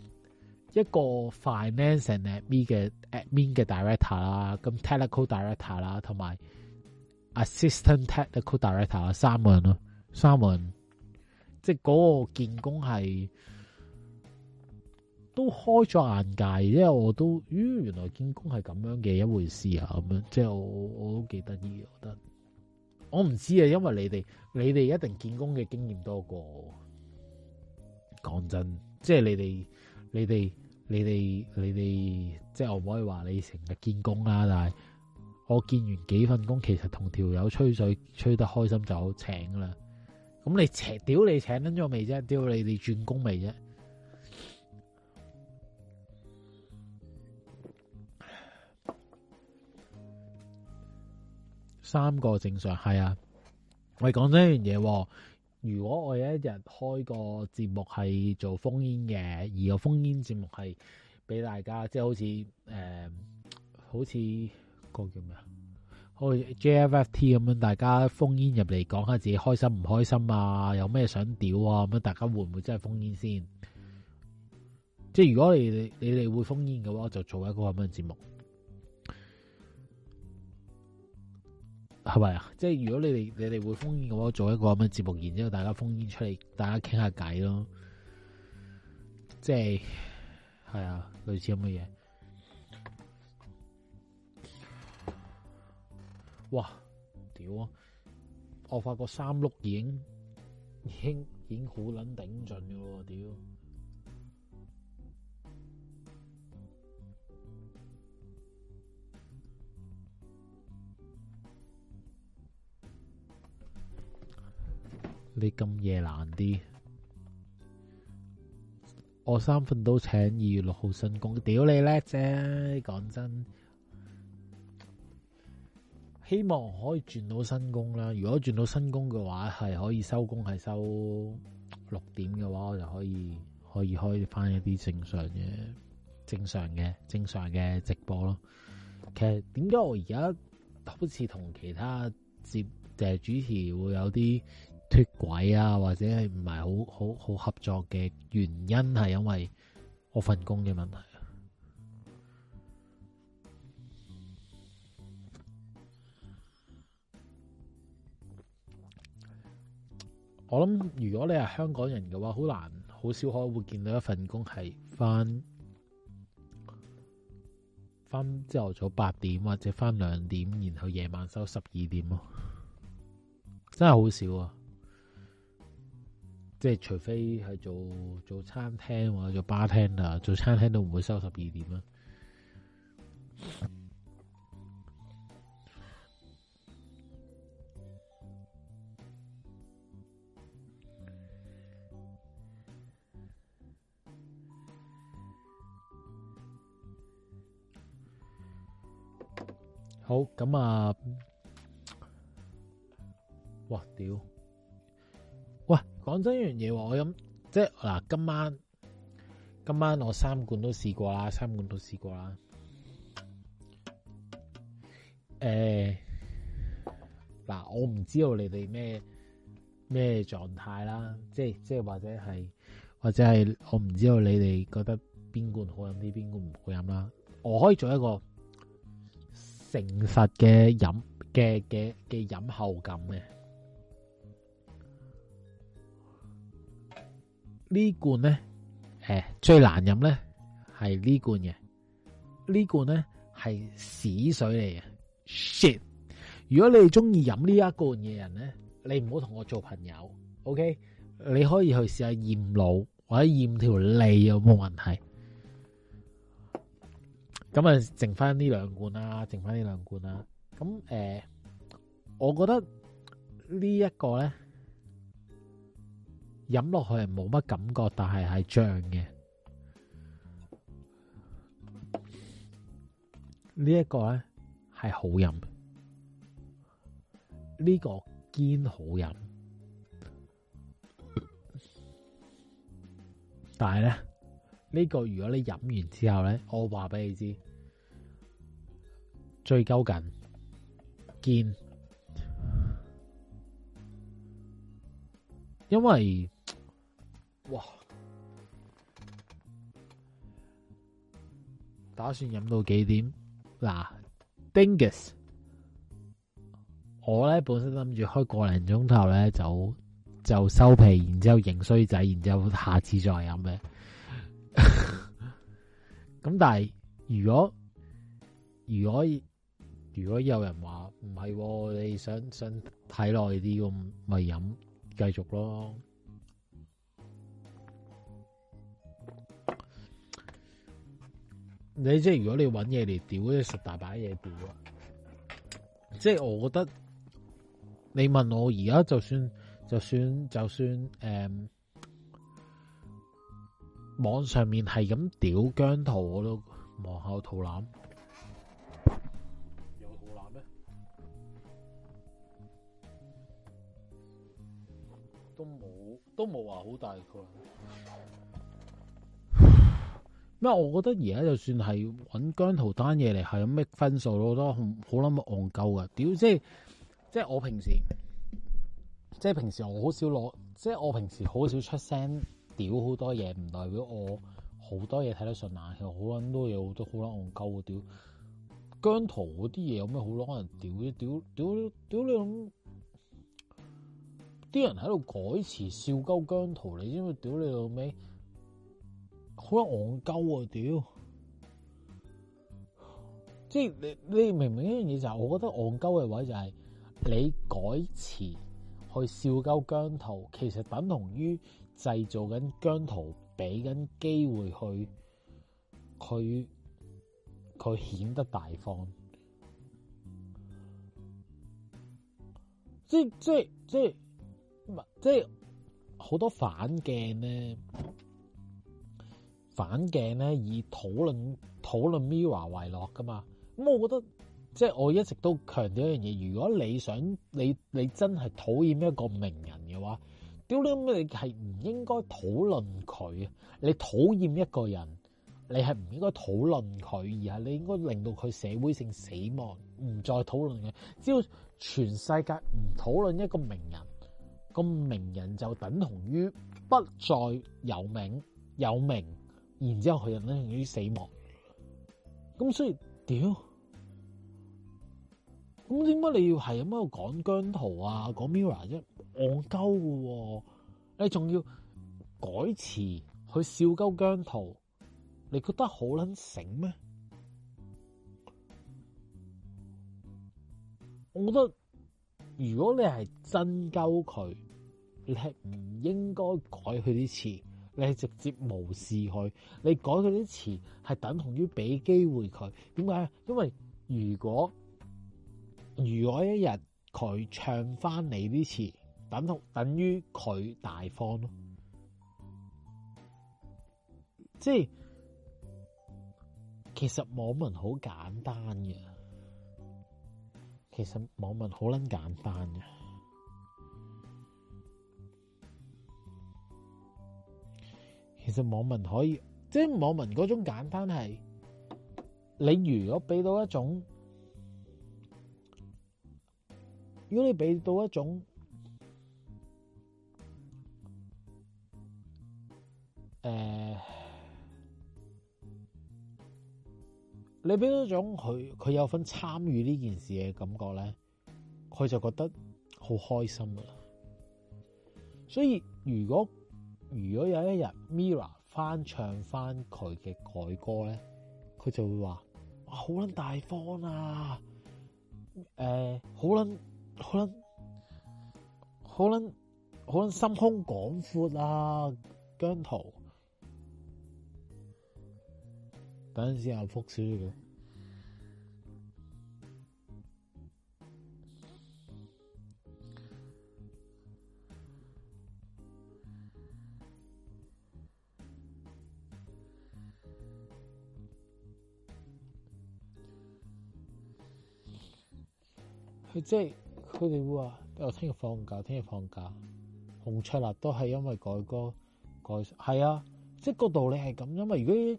一個 finance and admin 嘅 admin 嘅 director 啦，咁 technical director 啦，同埋 assistant technical director 啊，三個人咯，三個人，即係嗰個見工係都開咗眼界，因為我都咦，原來見工係咁樣嘅一回事啊，咁樣，即係我我都幾得意，我覺得我唔知啊，因為你哋你哋一定見工嘅經驗多過，講真，即係你哋你哋。你哋，你哋，即係我唔可以話你成日見工啦，但係我見完幾份工，其實同條友吹水吹得開心就好，請啦。咁你請，屌你請得咗未啫？屌你哋轉工未啫？三個正常係啊，我哋講真一樣嘢。如果我有一日開個節目係做封煙嘅，而個封煙節目係俾大家，即係好似誒、呃，好似個叫咩啊，好似 JFFT 咁樣，大家封煙入嚟講一下自己開心唔開心啊，有咩想屌啊咁樣，大家會唔會真係封煙先？即係如果你你你哋會封煙嘅話，我就做一個咁樣的節目。係咪啊？即係如果你哋你哋會封煙嘅話，我做一個咁嘅節目，然之後大家封煙出嚟，大家傾下偈咯。即係係啊，類似咁嘅嘢。哇！屌啊！我發覺三碌影，已經好撚頂盡嘅喎，屌！你咁夜難啲，我三份都請二月六號新工。屌你叻啫，講真。希望可以轉到新工啦。如果轉到新工嘅話，係可以收工係收六點嘅話，我就可以可以開翻一啲正常嘅正常嘅正常嘅直播咯。其實點解我而家好似同其他接，就係，主持會有啲？脫軌啊，或者係唔係好好好合作嘅原因，係因為我份工嘅問題。我諗如果你係香港人嘅話，好難，好少可能會見到一份工係翻翻朝早八點，或者翻兩點，然後夜晚上收十二點咯，真係好少啊！即係除非係做做餐廳或者做吧廳啦，做餐廳都唔會收十二點。好，咁啊！嘩屌！講真，呢樣嘢我飲，即係嗱，今晚今晚我三罐都試過啦，三罐都試過啦。誒，嗱，我唔知道你哋咩咩狀態啦，即係即係或者係或者係我唔知道你哋覺得邊罐好飲啲，邊罐唔好飲啦。我可以做一個誠實嘅飲嘅嘅嘅飲後感嘅。呢罐咧，誒最難飲咧係呢罐嘅，呢罐咧係屎水嚟嘅，shit！如果你哋中意飲呢一罐嘅人咧，你唔好同我做朋友，ok？你可以去試下驗腦或者驗條脷有冇問題？咁啊，剩翻呢兩罐啦，剩翻呢兩罐啦。咁誒，我覺得呢一個咧。飲落去係冇乜感覺，但係係脹嘅。這個、呢一、這個咧係好飲，呢個堅好飲。但係咧呢、這個，如果你飲完之後咧，我話俾你知，最鳩緊，堅，因為。哇！打算飲到幾點？嗱，Dingus 我咧本身諗住開個零鐘頭咧，就就收皮，然之後認衰仔，然之後下次再飲嘅。咁 *laughs* 但係如果如果如果有人話唔係，你、哦、想想睇耐啲咁，咪飲繼續咯。你即係如果你揾嘢嚟屌，你實大把嘢屌啊！即係我覺得，你問我而家就算就算就算誒、嗯，網上面係咁屌姜濤，我都望下肚腩有肚腩咩？都冇，都冇話好大個。咩？我覺得而家就算係揾姜濤單嘢嚟，係有咩分數咯？都好撚，戇鳩㗎屌！即係即係我平時，即係平時我好少攞，即係我平時好少出聲屌好多嘢，唔代表我好多嘢睇得順眼，其實好撚多嘢我都好撚戇鳩㗎屌！姜濤嗰啲嘢有咩好可能屌屌屌屌，屌你咁，啲人喺度改詞笑鳩姜濤，你知唔知？屌你老尾！好戇鳩啊！屌，即係你你明唔明一樣嘢就係，我覺得戇鳩嘅位就係你改詞去笑鳩姜濤，其實等同於製造緊姜濤俾緊機會去佢佢顯得大方，即即即唔係即好多反鏡咧。反鏡咧，以討論討論 MIRROR 為樂噶嘛？咁我覺得即係我一直都強調一樣嘢。如果你想你你真係討厭一個名人嘅話，屌你咁咩，你係唔應該討論佢啊。你討厭一個人，你係唔應該討論佢，而係你應該令到佢社會性死亡，唔再討論嘅。只要全世界唔討論一個名人，個名人就等同於不再有名，有名。然之後佢又容於死亡，咁所以屌，咁點解你要係咁樣講姜濤啊，講 Mirror 啫，嗯，戇鳩嘅，你仲要改詞去笑鳩姜濤，你覺得好捻醒咩？我覺得如果你係真鳩佢，你係唔應該改佢啲詞。你係直接無視佢，你改佢啲詞，係等同於俾機會佢。點解？因為如果如果一日佢唱翻你啲詞，等同等於佢大方咯。即係其實網民好簡單嘅，其實網民好撚簡單嘅。其實網民可以，即係網民嗰種簡單係，你如果俾到一種，如果你俾到一種，誒、呃，你俾到一種佢佢有份參與呢件事嘅感覺咧，佢就覺得好開心噶啦。所以如果，如果有一日 Mira 翻唱翻佢嘅改歌咧，佢就會話：，哇，好撚大方啊！好、欸、撚，好撚，好撚，好撚心胸廣闊啊！姜濤，等陣先，有福少少嘅佢即係佢哋會話，我聽日放假，聽日放假。洪卓立都係因為改歌改，係啊，即係個道理係咁。因為如果一日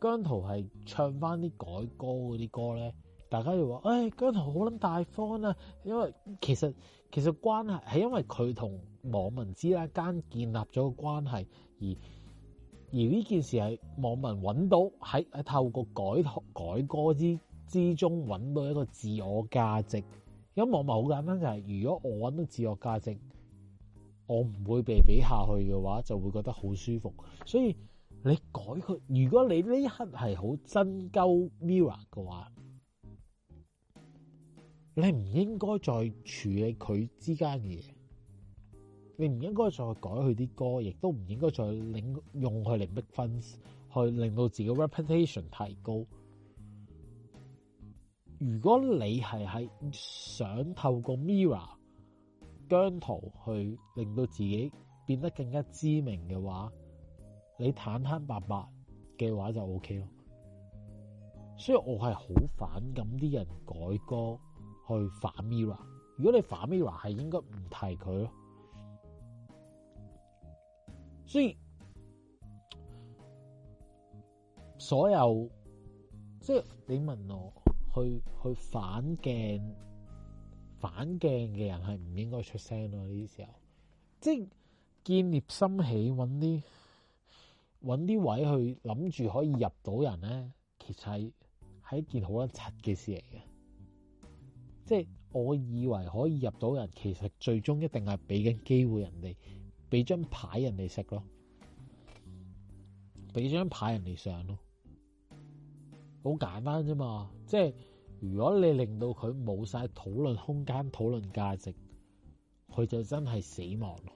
姜濤係唱翻啲改歌嗰啲歌咧，大家就話：，唉、哎，姜濤好撚大方啊！因為其實其實關係係因為佢同網民之間建立咗個關係，而而呢件事係網民揾到喺透過改改歌之之中揾到一個自我價值，咁我咪好簡單，就係如果我揾到自我價值，我唔會被比下去嘅話，就會覺得好舒服。所以你改佢，如果你呢一刻係好真鳩 mirror 嘅話，你唔應該再處理佢之間嘅嘢，你唔應該再改佢啲歌，亦都唔應該再利用佢嚟 make fans, 去令逼分，去令到自己 reputation 提高。如果你係喺想透過 Mirror 姜濤，去令到自己變得更加知名嘅話，你坦坦白白嘅話就 OK 咯。所以我係好反感啲人改歌去反 Mirror。如果你反 Mirror 係應該唔提佢咯。所以所有即係你問我，去去反鏡反鏡嘅人係唔應該出聲咯，呢啲時候即係見獵心起揾啲揾啲位置去諗住可以入到人咧，其實係一件好撚柒嘅事嚟嘅。即係我以為可以入到人，其實最終一定係俾緊機會人哋，俾張牌人哋食咯，俾張牌人哋上咯。好簡單啫嘛，即係如果你令到佢冇晒討論空間、討論價值，佢就真係死亡咯。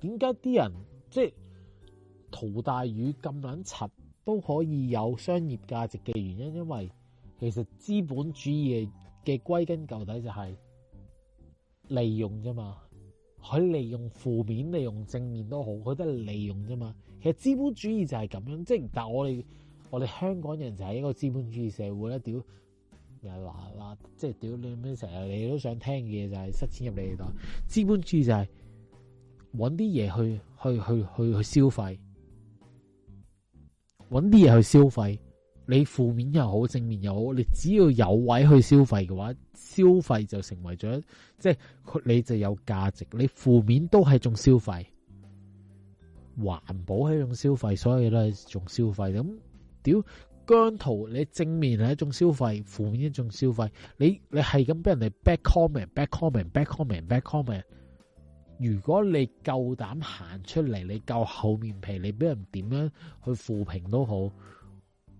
點解啲人即係陶大宇咁撚柒都可以有商業價值嘅原因？因為其實資本主義嘅嘅歸根究底就係利用啫嘛，佢利用負面、利用正面都好，佢都係利用啫嘛。其實資本主義就係咁樣，即係但我哋。我哋香港人就係一個資本主義社會啦，屌又嗱嗱，即係屌你咩成日你都想聽嘅嘢，就係塞錢入你度。資本主義就係搵啲嘢去去去去去消費，搵啲嘢去消費，你負面又好正面又好，你只要有位去消費嘅話，消費就成為咗即係你就有價值，你負面都係種消費，環保係種消費，所以咧種消費咁。屌姜濤，你正面係一種消費，負面是一種消費。你你係咁俾人哋 back comment，back comment，back comment，back comment。如果你夠膽行出嚟，你夠厚面皮，你俾人點樣去負評都好。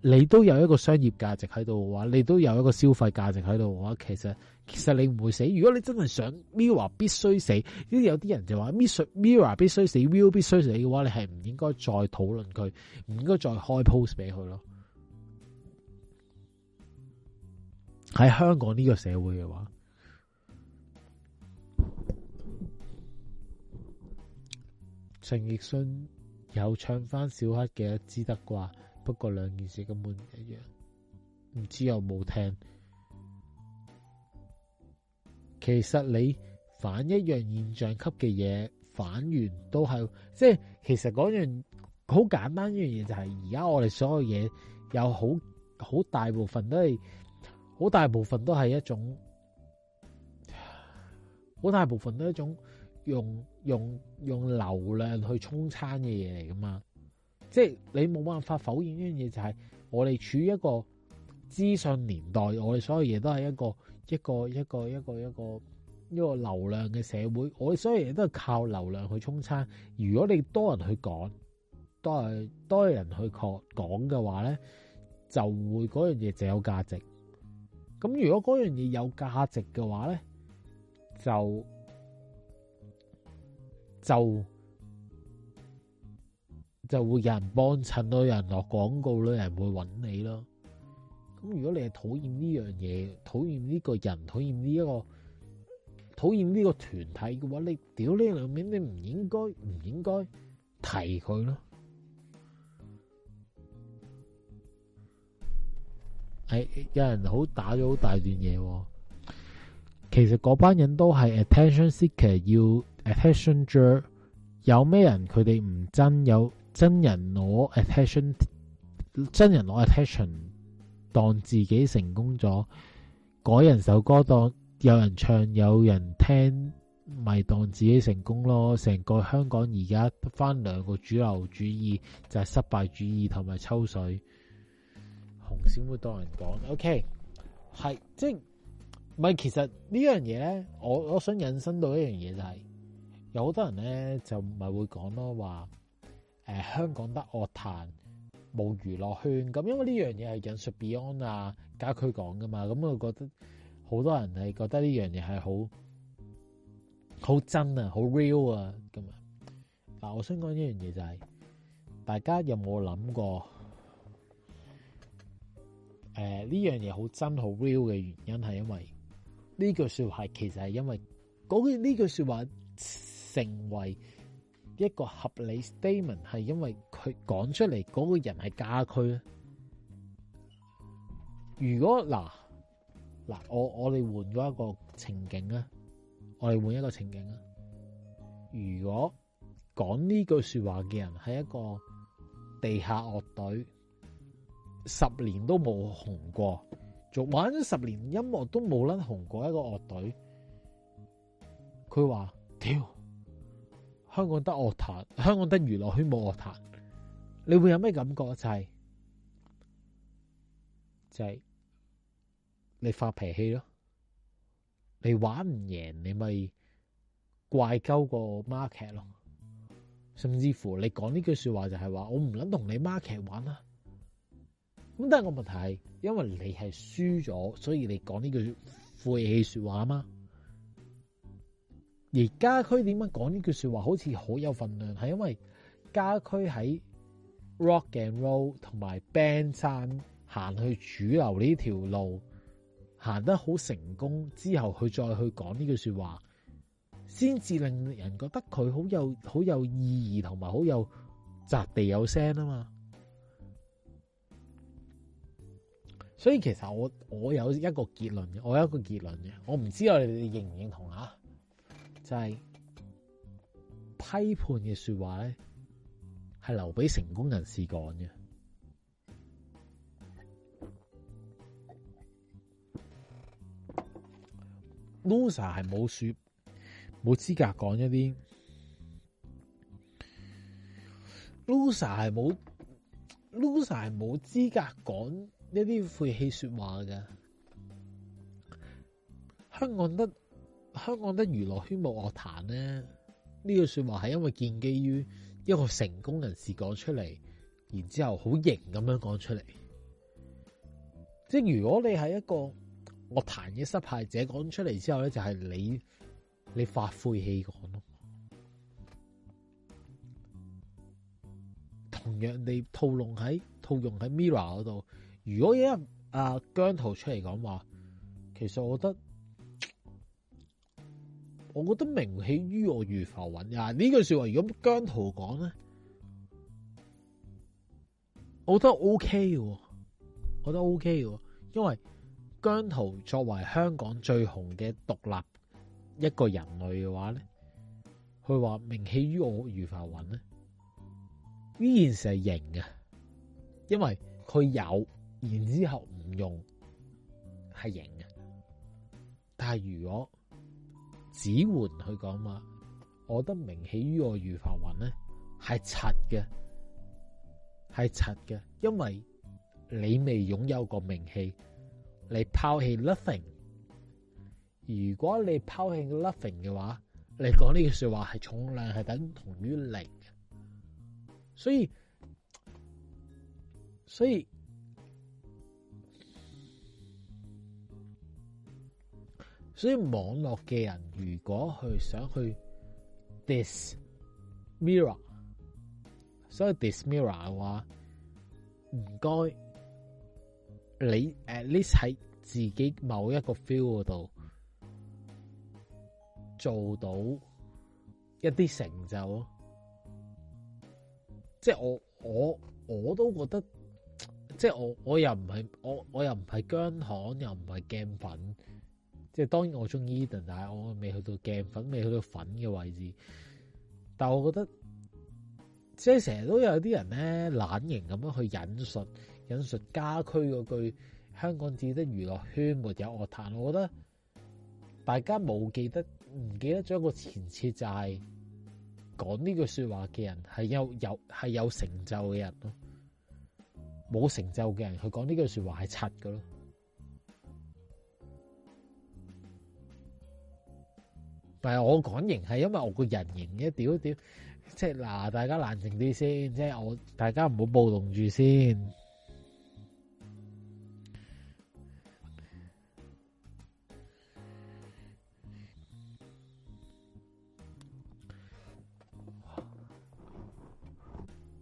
你都有一個商業價值喺度嘅話，你都有一個消費價值喺度嘅話，其實其實你唔會死。如果你真係想 mirror 必須死，有啲人就話 mirror 必須死 Yeah.，Will 必須死嘅話，你係唔應該再討論佢，唔應該再開 post 俾佢咯。喺香港呢個社會嘅話，陳奕迅有唱翻小黑嘅一支得啩？不過兩件事根本唔一樣，唔知有冇聽。其實你反一樣現象級嘅嘢，反完都係，即係其實嗰樣好簡單的一，就是。一樣嘢就係而家我哋所有嘢有好好大部分都係好大部分都係一種好大部分都係一種用用用流量去沖餐嘅嘢嚟噶嘛。即係你冇辦法否認呢樣嘢，就係、是、我哋處於一個資訊年代，我哋所有嘢都係一個一個一個一個一個一個流量嘅社會，我哋所有嘢都係靠流量去沖餐。如果你多人去講，多係多人去講講嘅話咧，就會嗰樣嘢就有價值。咁如果嗰樣嘢有價值嘅話咧，就就。就會有人幫襯到，有人落廣告，有人會揾你咯。咁如果你係討厭呢樣嘢，討厭呢個人，討厭呢、這、一個，討厭呢個團體嘅話，你屌呢兩面，你唔應該，唔應該提佢咯。誒、哎，有人好打咗好大段嘢。其實嗰班人都係 attention seeker，要 attention grab。有咩人佢哋唔真有？真人攞 attention，真人攞 attention，當自己成功咗，改人首歌，當有人唱有人聽，咪當自己成功咯。成個香港而家得翻兩個主流主義，就係、是、失敗主義同埋抽水，紅線會多人講。O K，係即係咪？其實呢樣嘢呢，我我想引申到一樣嘢就係有好多人呢，就咪會講咯，話。呃、香港得樂壇冇娛樂圈。咁因為呢樣嘢係引述 Beyond 啊家駒講噶嘛，咁我覺得好多人係覺得呢樣嘢係好好真啊，好 real 啊咁啊。但我想講呢樣嘢就係、是，大家有冇諗過？呢樣嘢好真好 real 嘅原因係因為呢句說話其實係因為講起呢句說話成為。一個合理 statement 係因為佢講出嚟嗰、嗰個人係家駒咧。如果嗱嗱，我我哋換咗一個情景啊，我哋換一個情景啊。如果講呢句說話嘅人係一個地下樂隊，十年都冇紅過，做玩咗十年音樂都冇捻紅過一個樂隊，佢話，屌。香港得樂壇，香港得娛樂圈冇樂壇，你會有咩感覺？就係，就係，你發脾氣咯，你玩唔贏你咪怪鳩個 market 咯，甚至乎你講呢句說話就係話我唔捻同你 market 玩啦。咁但係個問題係，因為你係輸咗，所以你講呢句晦氣說話吖嘛。而家駒點樣講呢句說話，好似好有分量。係因為家駒喺 rock and roll 同埋 band 山行去主流呢條路行得好成功之後，佢再去講呢句說話，先至令人覺得佢好有好有意義，同埋好有擲地有聲啊嘛。所以其實我我有一個結論嘅，我有一個結論嘅，我唔知我哋認唔認同啊。就係批判嘅說話咧，係留俾成功人士講嘅。loser 係冇說，冇資格講一啲 loser 係冇，loser 係冇資格講一啲晦氣說話嘅。香港得。香港的娛樂圈冇樂壇咧，呢句説話係因為建基於一個成功人士講出嚟，然之後好型咁樣講出嚟。即係如果你係一個樂壇嘅失敗者講出嚟之後咧，就係、是、你你發晦氣講咯。同樣地，套用喺套用喺 Mirror 嗰度，如果有人啊姜濤出嚟講話，其實我覺得。我覺得名氣於我如浮雲啊！呢句說話如果姜濤講咧，我覺得 OK 嘅，我覺得 OK 嘅，因為姜濤作為香港最紅嘅獨立一個人類嘅話咧，佢話名氣於我如浮雲咧，呢件事係型嘅，因為佢有，然之後唔用係型嘅，但係如果。指換去講嘛，我覺得名氣於我如浮云咧，係柒嘅，係柒嘅，因為你未擁有過名氣，你拋棄 nothing。如果你拋棄 nothing 嘅話，你講呢句說話係重量係等同於零，所以，所以。所以網絡嘅人，如果去想去 diss mirror，所以 diss mirror 嘅話，唔該，你 at least 喺自己某一個 field 度做到一啲成就咯。即係我我我都覺得，即係我我又唔係我我又唔係姜糖，又唔係鏡粉。即係當然我中意 Edan，但係我未去到鏡粉，未去到粉嘅位置。但我覺得，即係成日都有啲人咧懶型咁樣去引述，引述家駒嗰句香港只得娛樂圈，沒有樂壇。我覺得大家冇記得，唔記得咗個前設就係講呢句說話嘅人係有有係有成就嘅人咯，冇成就嘅人佢講呢句說話係柒㗎咯。係我講型，係因為我個人型一屌一屌，即係嗱，大家冷靜啲先，即係我大家唔好暴動住先。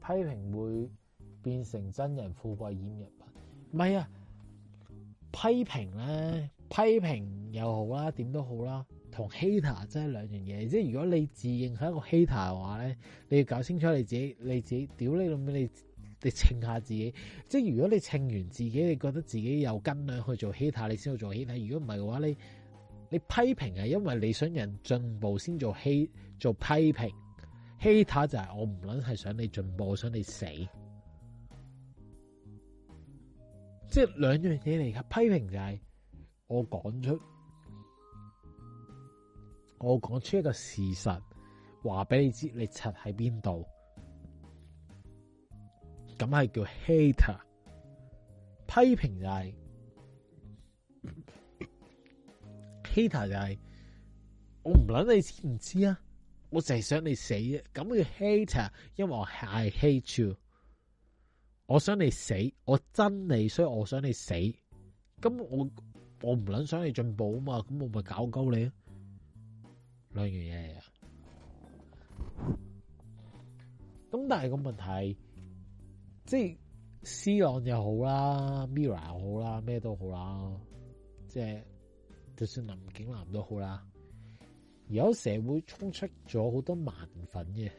批評會變成真人富貴演人貧，唔係啊！批評咧，批評又好啦，點都好啦。同 hater 真係兩樣嘢，即係如果你自認係一個 hater 嘅話咧，你要搞清楚你自己，你自己屌你老母，你你稱下自己。即係如果你稱完自己，你覺得自己有斤兩去做 hater，你先去做 hater。如果唔係嘅話，你你批評係因為你想人進步先做批，做批評，做批評 hater 就係我唔撚係想你進步，我想你死。即係兩樣嘢嚟嘅批評就係我講出。我講出一個事實，話俾你知，你柒喺邊度，咁係叫 hater 批評就係 hater 就係我唔諗你知唔知啊，我淨係想你死啫，咁叫 hater，因為我係 hate you，我想你死，我憎你，所以我想你死，咁我我唔諗想你進步啊嘛，咁我咪搞鳩你啊。兩樣嘢嚟啊！咁但係個問題，即係 C 朗又好啦，Mirror 又好啦，咩都好啦，即係就算林景南都好啦，有社會充斥咗好多盲粉嘅，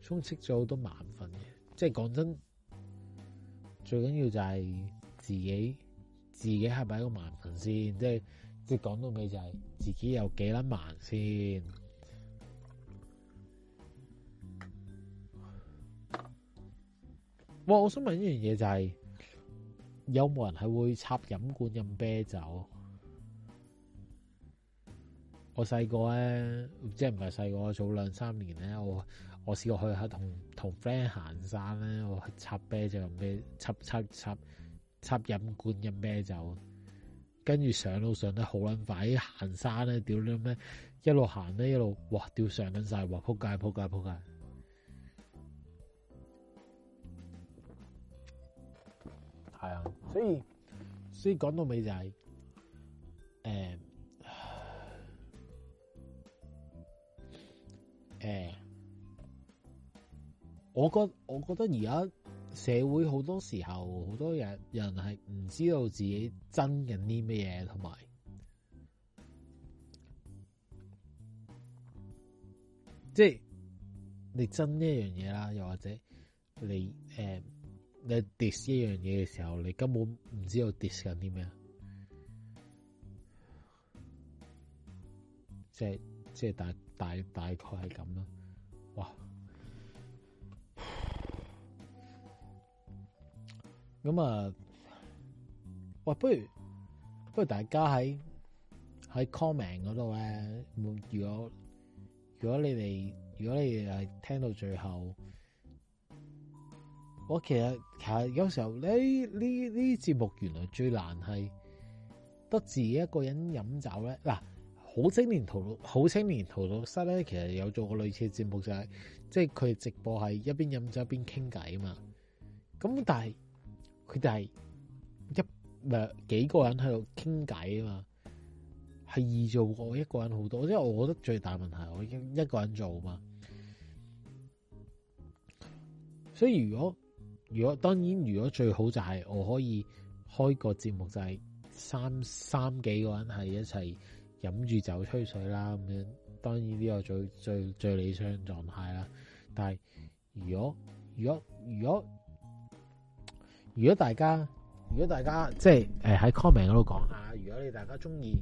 充斥咗好多盲粉嘅，即係講真，最緊要就係自己自己係咪一個盲粉先，即係。即係講到尾就係自己有幾粒萬先。哇！我想問一樣嘢就係有冇人係會插飲管飲啤酒？我細個咧，即係唔係細個？早兩三年咧，我我試過去下同同 friend 行山咧，我插啤酒飲啤，插插插插飲管飲啤酒。跟住上路上得好撚快，行山呢屌你咩，一路行呢，一路哇，屌上緊晒，哇撲街撲街撲街，係啊，所以所以講到尾就係、是，誒、嗯、誒，我覺得我覺得而家。社會好多時候，好多人人係唔知道自己真緊啲咩嘢，同埋即係你真一樣嘢啦，又或者你誒、呃、你 dis 一樣嘢嘅時候，你根本唔知道 dis 緊啲咩，即即大大大概係咁啦，哇！咁啊，喂，不如不如大家喺喺 comment 嗰度咧。如果如果你哋如果你哋係聽到最後，我其實其實有時候呢呢呢節目原來最難係得自己一個人飲酒咧。嗱，啊，好青年淘老好青年淘老室咧，其實有做過類似嘅節目就係即係佢直播係一邊飲酒一邊傾偈啊嘛。咁但係。佢就係一咪幾個人喺度傾偈啊嘛，係易做過我一個人好多，即係我覺得最大問題我一一個人做嘛，所以如果如果當然如果最好就係我可以開個節目就係三三幾個人係一齊飲住酒吹水啦咁樣，當然呢個最最最理想狀態啦，但係如果如果如果。如果如果如果大家，如果大家即係，誒、呃、喺 comment 度講下。如果你大家中意，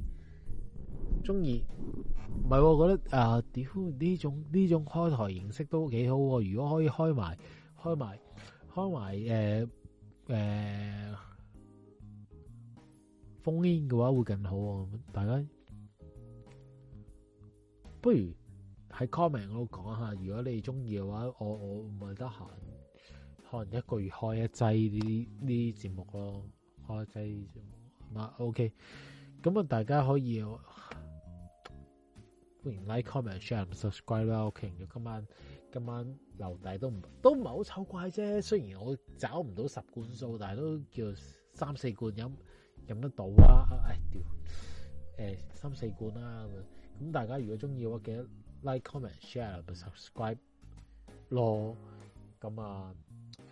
中意，唔係我覺得啊，屌、呃、呢種呢種開台形式都幾好喎，如果可以開埋開埋開埋誒誒、呃呃、封煙嘅話會更好，大家不如喺 comment 度講下，如果你中意嘅話，我我唔係得閒。可能一個月開一劑呢啲呢啲節目咯，開一劑節目。咁啊，OK。咁啊，大家可以歡迎 like comment, share,、okay?、comment、share、subscribe 啦。OK，今晚今晚留底都唔都唔係好醜怪啫。雖然我找唔到十罐數，但係都叫三四罐飲飲得到啊。誒屌三四罐啦、啊。咁大家如果中意，嘅話，記得 like、comment、share、subscribe 咯。咁啊～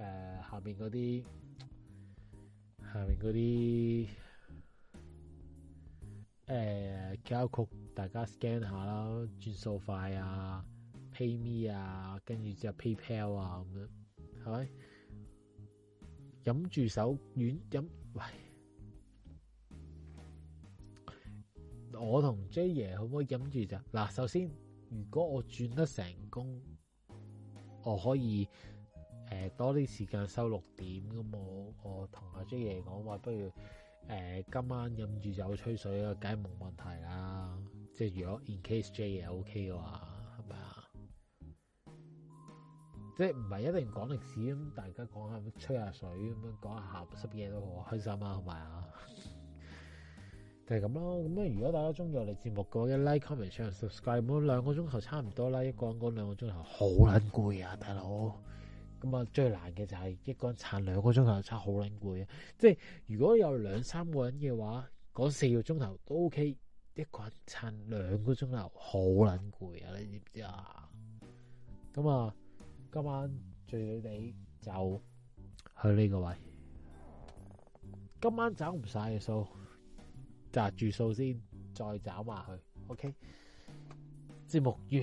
誒、呃，下面嗰啲，下面嗰啲，誒、呃，大家 scan 下啦，轉數快啊，PayMe 啊，跟住之後 PayPal 啊，咁樣係咪？飲住手軟飲喂，我同 J 爺可唔可以飲住咋？嗱，首先，如果我轉得成功，我可以。誒，多啲時間收六點咁，我我同阿 J 爺講話，不如誒、呃、今晚飲住酒吹水啊，梗係冇問題啦。即係如果 in case J 爺 OK 嘅話，係咪啊？即係唔係一定講歷史咁，大家講下吹下水咁樣，講下鹹濕嘢都好開心啊，係咪啊？就係咁咯。咁樣如果大家中意我哋節目嘅 like comment、share、subscribe，兩個鐘頭差唔多啦。一個人講兩個鐘頭好撚攰啊，大佬。咁啊，最難嘅就係一個人撐兩個鐘頭，撐好撚攰啊！即係如果有兩三個人嘅話，四個鐘頭都 OK。一個人撐兩個鐘頭，好撚攰啊！你知唔知啊？咁啊、嗯，今晚最尾就去呢個位。今晚找唔晒嘅數，紮住數先，再找埋佢。OK，節目完。